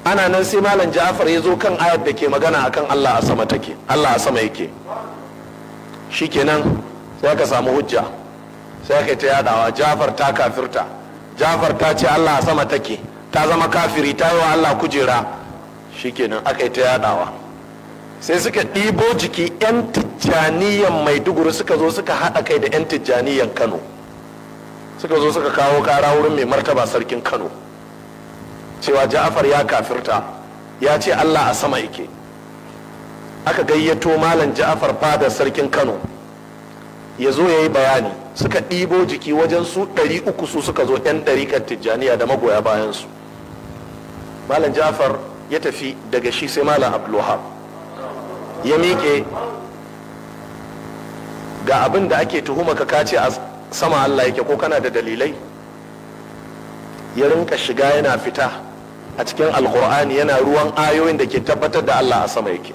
ana nan sai malam ja'far ya zo kan ayat da ke magana akan Allah a sama take Allah a sama yake shikenan sai ka samu hujja sai ka ta yadawa ja'far ta kafirta ja'far ta ce Allah a sama take ta zama kafiri ta yi wa Allah kujera shikenan aka yi ta yadawa sai suka ɗibo jiki 'yan tijjaniyan maiduguri suka zo suka haɗa kai da 'yan tijjaniyan kano suka zo suka kawo kara wurin mai martaba sarkin kano cewa ja'afar ya kafirta ya ce allah a sama yake aka gayyato malam ja'afar fadar sarkin kano ya zo ya yi bayani suka ɗibo jiki wajen su ɗari uku su suka zo 'yan ɗariƙar tijjaniya da magoya bayansu malam ja'afar ya tafi daga shi sai malam abdulwahab ya miƙe ga abin da ake tuhuma ka kace a sama allah yake ko kana da dalilai ya rinka shiga yana fita a cikin alkur'ani yana ruwan ayoyin da ke tabbatar da allah a sama yake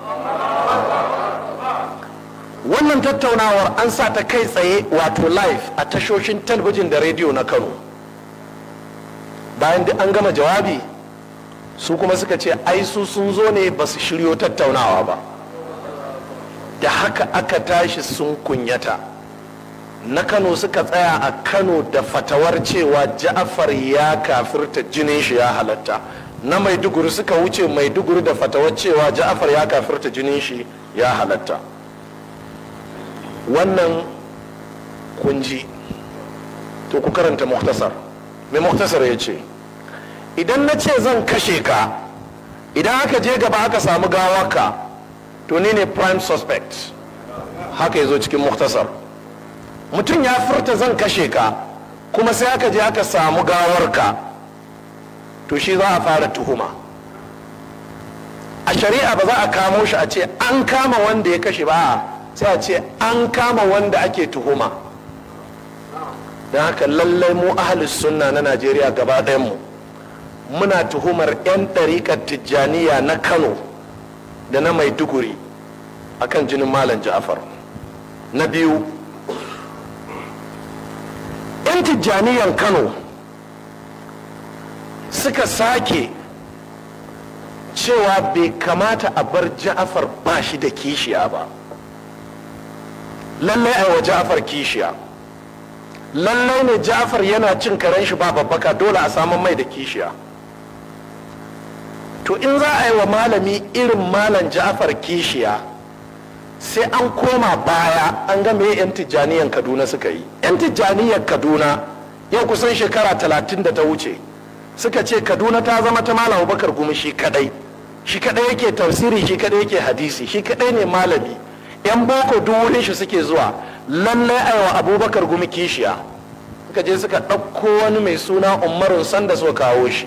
wannan tattaunawar an sa ta kai tsaye wato live a tashoshin talbijin da rediyo na kano bayan duk an gama jawabi su kuma suka ce ai su sun zo ne ba su shiryo tattaunawa ba da haka aka tashi sun kunyata na kano suka tsaya a kano da fatawar cewa ja'afar ya kafirta jinin shi ya halatta na maiduguri suka wuce maiduguri da fatawar cewa ja'afar ya kafirta jinin shi ya halatta wannan kunji to ku karanta muktasar mai muktasar ya ce idan na ce zan kashe ka idan aka je gaba aka samu gawarka to ni ne prime suspect haka ya zo cikin muktasar mutum ya furta zan kashe ka kuma sai aka je aka samu gawarka to shi za a fara tuhuma a shari'a ba za a kamo shi a ce an kama wanda ya kashe ba sai a ce an kama wanda ake tuhuma don haka lallai mu ahalus sunna na najeriya gaba mu muna tuhumar 'yan ɗariƙar tijjaniya na kano da na maiduguri akan jinin malam ja'afar na biyu 'yan tijjaniyan kano suka sake cewa bai kamata a bar ja'afar ba shi da kishiya ba lallai a yi wa ja'afar kishiya lallai ne ja'afar yana cin karen shi ba babbaka dole a samun mai da kishiya to in za a yi wa malami irin malam ja'afar kishiya sai an koma baya an ga me 'yan Tijjaniyar kaduna suka yi 'yan Tijjaniyar kaduna yau kusan shekara talatin da ta wuce suka ce kaduna ta zama ta malam bakar gumi shi kadai shi kadai yake tafsiri shi kadai yake hadisi shi kadai ne malami 'yan boko duk wurin shi suke zuwa lallai aiwa abubakar gumi kishiya suka je suka ɗauko wani mai suna umarun sanda suka kawo shi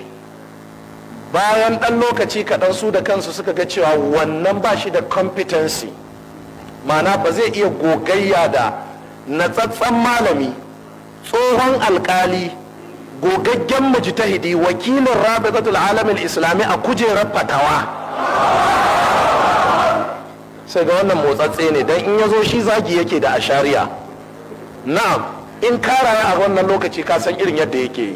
bayan ɗan lokaci kaɗan su da kansu suka ga cewa wannan ba shi da competency mana ba zai iya gogayya da natsatsan malami tsohon alkali gogaggen mujtahidi wakilin rabitatul alamin islami a kujerar fatawa sai ga wannan motsatse ne don in ya zo shi zagi yake da ashariya na'am in karaya a wannan lokaci ka san irin yadda yake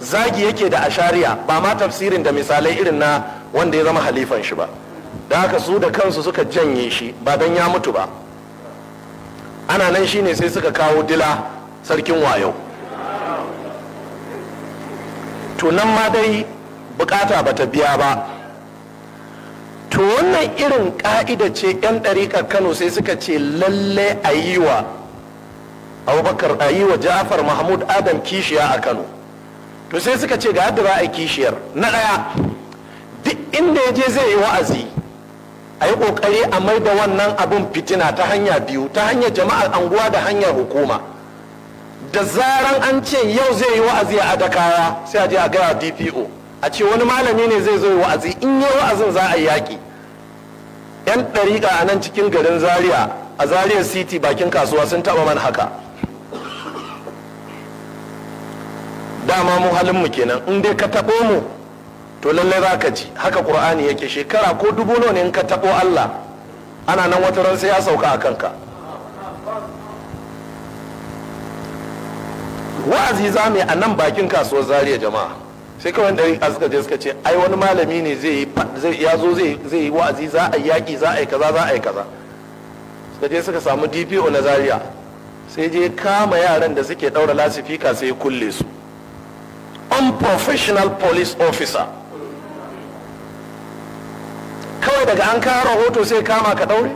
zagi yake da ashariya ba ma tafsirin da misalai irin na wanda ya zama halifan shi ba da haka su da kansu suka janye shi ba don ya mutu ba ana nan shine sai suka kawo dila sarkin wayo to nan ma dai bukata ta biya ba to wannan irin ka'ida ce 'yan ɗariƙar kano sai suka ce lalle a yi wa abubakar a yi wa jafar mahmud adam kishiya a kano to sai suka ce ga yadda ba a kishiyar na ɗaya duk inda ya je zai yi wa'azi a yi kokari a mai da wannan abin fitina ta hanya biyu ta hanyar jama'ar anguwa da hanyar hukuma da zaran an ce yau zai yi wa'azi a adakawa sai a je a gaya dpo a ce wani malami ne zai zo wa'azi in yi wa'azin za a yi yaƙi yan ɗariƙa a nan cikin garin zaria a zaria city bakin kasuwa sun taɓa man haka dama mu halin mu kenan in dai ka taɓo mu to lallai za ka ji haka ƙur'ani yake shekara ko dubu nawa ne in ka taɓo allah ana nan wata ran sai ya sauka a kanka wa'azi za mu a nan bakin kasuwar zaria jama'a sai kawai da a suka je suka ce ai wani malami ne zai ya zo zai yi wa'azi za a yi yaƙi za a yi kaza za a yi kaza suka je suka samu dpo na zariya sai je kama yaran da suke ɗaura lasifika sai kulle su unprofessional police officer kawai daga an kawo rahoto sai kama ka ɗaure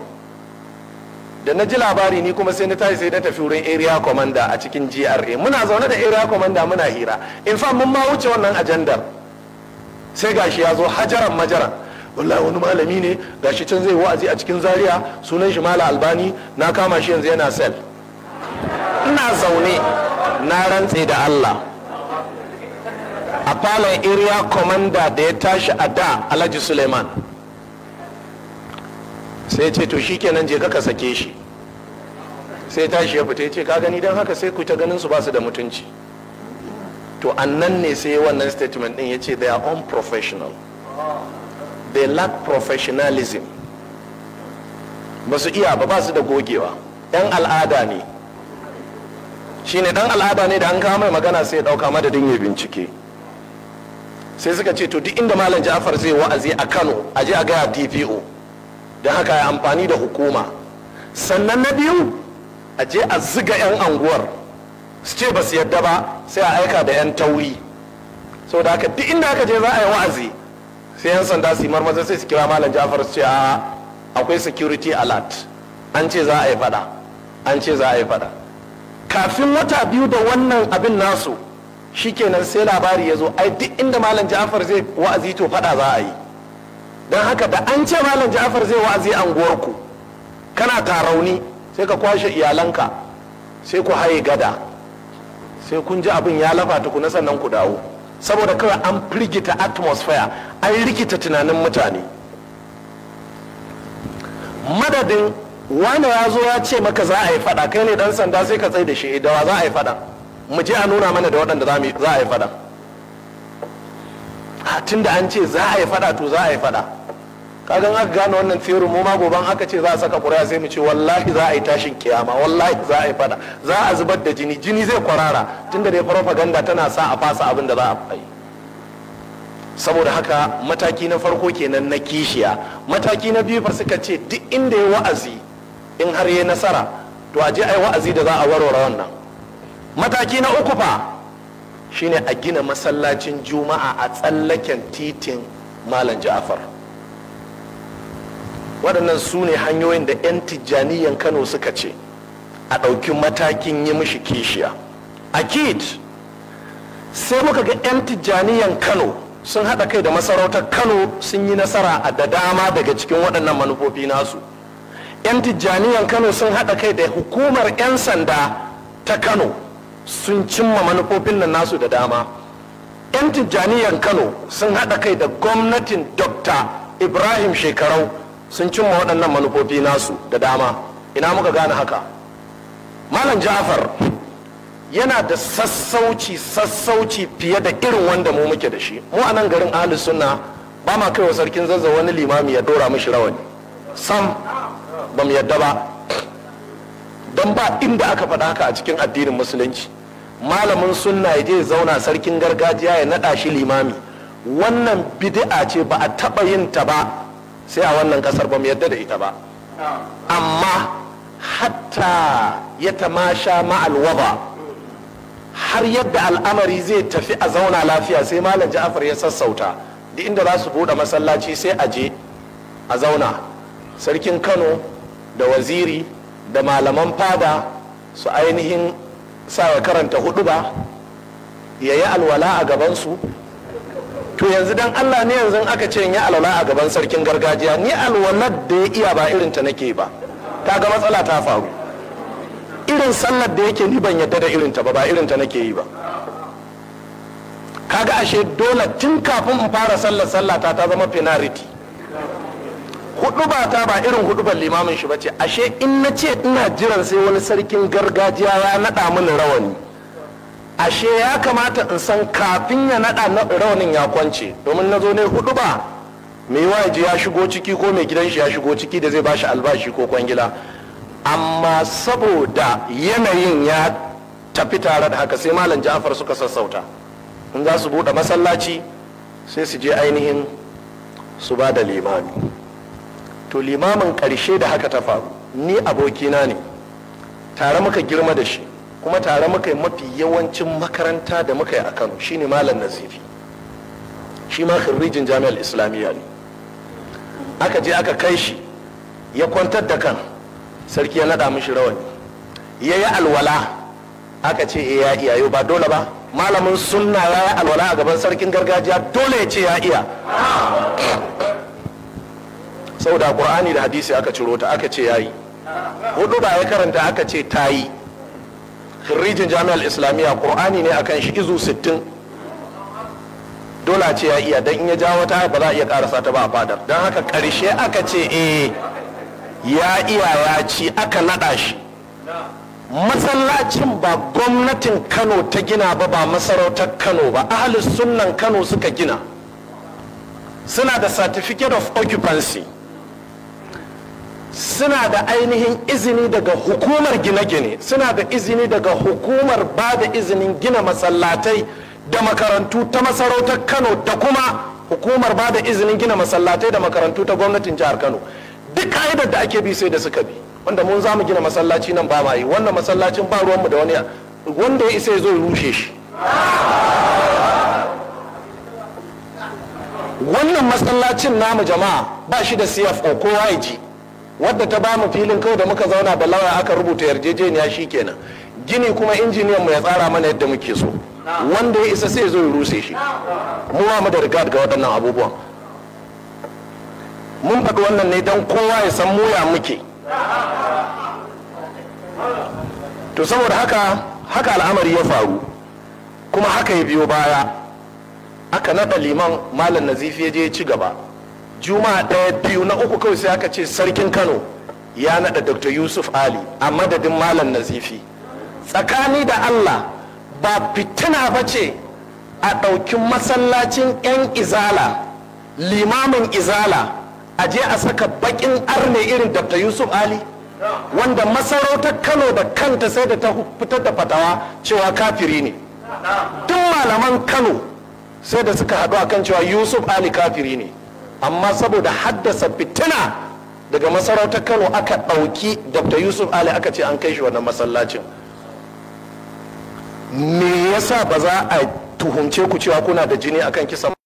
da na ji labari ni kuma sai na tashi sai na tafi wurin area commander a cikin GRA muna zaune da area commander muna hira in fa mun ma wuce wannan ajandar sai gashi ya zo hajaran majaran wallahi wani malami ne gashi can zai wa'azi a cikin zaria sunan shi mala albani na kama shi yanzu yana sel ina zaune na rantse da allah a falon area commander da ya tashi a da alhaji suleiman sai ce to shi kenan je kaka sake shi sai tashi ya fita ya ce ka gani don haka sai ku ta ganin su basu da mutunci to annan ne sai wannan statement din ya ce they are unprofessional they lack professionalism ba su iya ba basu da gogewa yan al'ada ne shine dan al'ada ne da an kawo mai magana sai ya dauka madadin ya bincike sai suka ce to duk inda malam ja'far zai wa'azi a kano a je a gaya dpo don haka ya amfani da hukuma sannan na biyu a je a ziga 'yan anguwar su ce ba su yadda ba sai a aika da 'yan tauri da haka duk inda aka je za a yi wa'azi sai 'yan sanda su yi marmaza sai su kira malam jafar su ce a akwai security alert an ce za a yi fada an ce za a yi fada kafin wata biyu da wannan abin nasu shi shikenan sai labari ya zo ai duk inda malam jafar zai wa'azi to fada za a yi don haka da an ce malam ja'afar zai wa'azi anguwarku kana tarauni sai ka kwashe iyalanka sai ku haye gada sai kun ji abin ya lafa ku na sannan ku dawo saboda kawai an firgita atmosphere an rikita tunanin mutane madadin wanda ya zo ya ce maka za a yi fada kai ne dan sanda sai ka tsaye da shi eh, da za a yi fada mu je a nuna mana da waɗanda za a yi fada tun da an ce za a yi fada to za a yi fada kagan aka gane wannan theory mu ma goban aka ce za a saka ƙuri'a sai mu ce wallahi za a yi tashin kiyama wallahi za a yi fada za a zubar da jini jini zai kwarara tunda dai propaganda tana sa a fasa abin da za a yi saboda haka mataki na farko kenan na kishiya mataki na biyu fa suka ce duk inda ya wa'azi in har ya nasara to a je a yi wa'azi da za a warware wannan mataki na uku fa shine a gina masallacin juma'a a tsallaken titin malam ja'afar waɗannan su ne hanyoyin da 'yan tijjaniyan kano suka ce a ɗauki matakin yi mishi kishiya akid sai muka ga 'yan tijjaniyan kano sun haɗa kai da masarautar kano sun yi nasara a da dama daga cikin waɗannan manufofi nasu 'yan tijjaniyan kano sun haɗa kai da hukumar 'yan sanda ta kano sun cimma manufofin nan nasu da dama 'yan tijjaniyan kano sun haɗa kai da gwamnatin dr ibrahim shekarau sun cimma waɗannan manufofi nasu da dama ina muka gane haka malam ja'far yana da sassauci sassauci fiye da irin wanda mu muke da shi mu a nan garin ahli sunna ba ma kaiwa sarkin zazza wani limami ya dora mishi rawani sam ba mu yadda ba don ba inda aka faɗa haka a cikin addinin musulunci malamin sunna ya je zauna sarkin gargajiya ya naɗa shi limami wannan bid'a ce ba a taɓa yin ta ba sai a wannan kasar ba mu yadda da ita ba amma hatta ya tamasha ma'al waba har yadda al'amari zai tafi a zauna lafiya sai malam ja'afar ya sassauta da inda za su bude masallaci sai a je a zauna sarkin kano da waziri da malaman fada su ainihin sa ya karanta hudu ba ya yi alwala a gabansu to yanzu dan Allah ne yanzu aka ce ya alwala a gaban sarkin gargajiya ni alwalar da ya iya ba irin ta nake ba ta ga matsala ta faru irin sallar da yake ni ban yadda da irin ta ba ba irin ta nake yi ba kaga ashe dole tun kafin in fara sallar sallah ta ta zama penalty hudu ba ta ba irin hudu ban limamin shi bace ashe in na ce ina jiran sai wani sarkin gargajiya ya nada mini rawani ashe ya kamata in san kafin ya naɗa raunin ya kwance domin na zo ne hudu ba mai waje ya shigo ciki ko mai gidan shi ya shigo ciki da zai bashi albashi ko kwangila amma saboda yanayin ya tafi tare da haka sai malam ja'afar suka sassauta in za su buɗe masallaci sai su je ainihin su ba da limami to limamin ƙarshe da haka ta faru ni abokina ne tare muka girma da shi kuma tare muka yi mafi yawancin makaranta da muka yi a kano shine malam nazifi shi ma khirrijin jami'ar islamiyya ne aka je aka kai shi ya kwantar da kan sarki ya naɗa mishi rawani ya yi alwala aka ce eh, ya iya ba dole ba malamin sunna ya yi alwala a gaban sarkin gargajiya dole ya ce ya iya saboda qur'ani da hadisi aka ciro ta aka ce ya yi hudu ba ya karanta aka ce ta yi khirrijin jami'ar islamiyya qur'ani ne akan shi izu 60 dole ce ya iya dan in ya jawo ta ba za a iya karasa ta ba a fadar don haka karshe aka ce eh ya iya ya ci aka nada shi masallacin ba gwamnatin kano ta gina ba ba masarautar kano ba ahalus sunnan kano suka gina suna da certificate of occupancy suna da ainihin izini daga hukumar gine-gine suna da izini daga hukumar ba da izinin gina masallatai da makarantu ta masarautar kano da kuma hukumar ba da izinin gina masallatai da makarantu ta gwamnatin jihar kano duk ka'idar da ake bi sai da suka bi wanda mun za mu gina masallaci nan ba ma yi wannan masallacin ba ruwanmu da wani wanda ya isa ya zo rushe shi wannan masallacin namu jama'a ba shi da cfo kowa ya ji wadda ta ba mu filin kawai da muka zauna da lawa aka rubuta yarjejeniya shi kenan gini kuma injiniyan mu ya tsara mana yadda muke so wanda ya isa sai zo ya ruse shi mu ba mu da regard ga waɗannan abubuwan mun faɗi wannan ne don kowa ya san mu ya muke to saboda haka haka al'amari ya faru kuma haka ya biyo baya aka naɗa liman malam nazifi ya je ci gaba juma'a daya biyu na uku kawai sai aka ce sarkin kano ya naɗa dr yusuf ali a madadin malam nazifi tsakani da allah ba fitina ba ce a ɗauki masallacin 'yan izala limamin izala a je a saka bakin arne irin dr yusuf ali wanda masarautar kano da kanta sai da ta fitar da fatawa cewa kafiri ne duk malaman kano sai da suka haɗu a kan cewa yusuf ali kafiri ne amma saboda haddasa fitina daga masarautar kano aka ɗauki dr yusuf ali aka ce an kai shi wannan masallacin me yasa ba za a tuhumce ku cewa kuna da jini akan kisan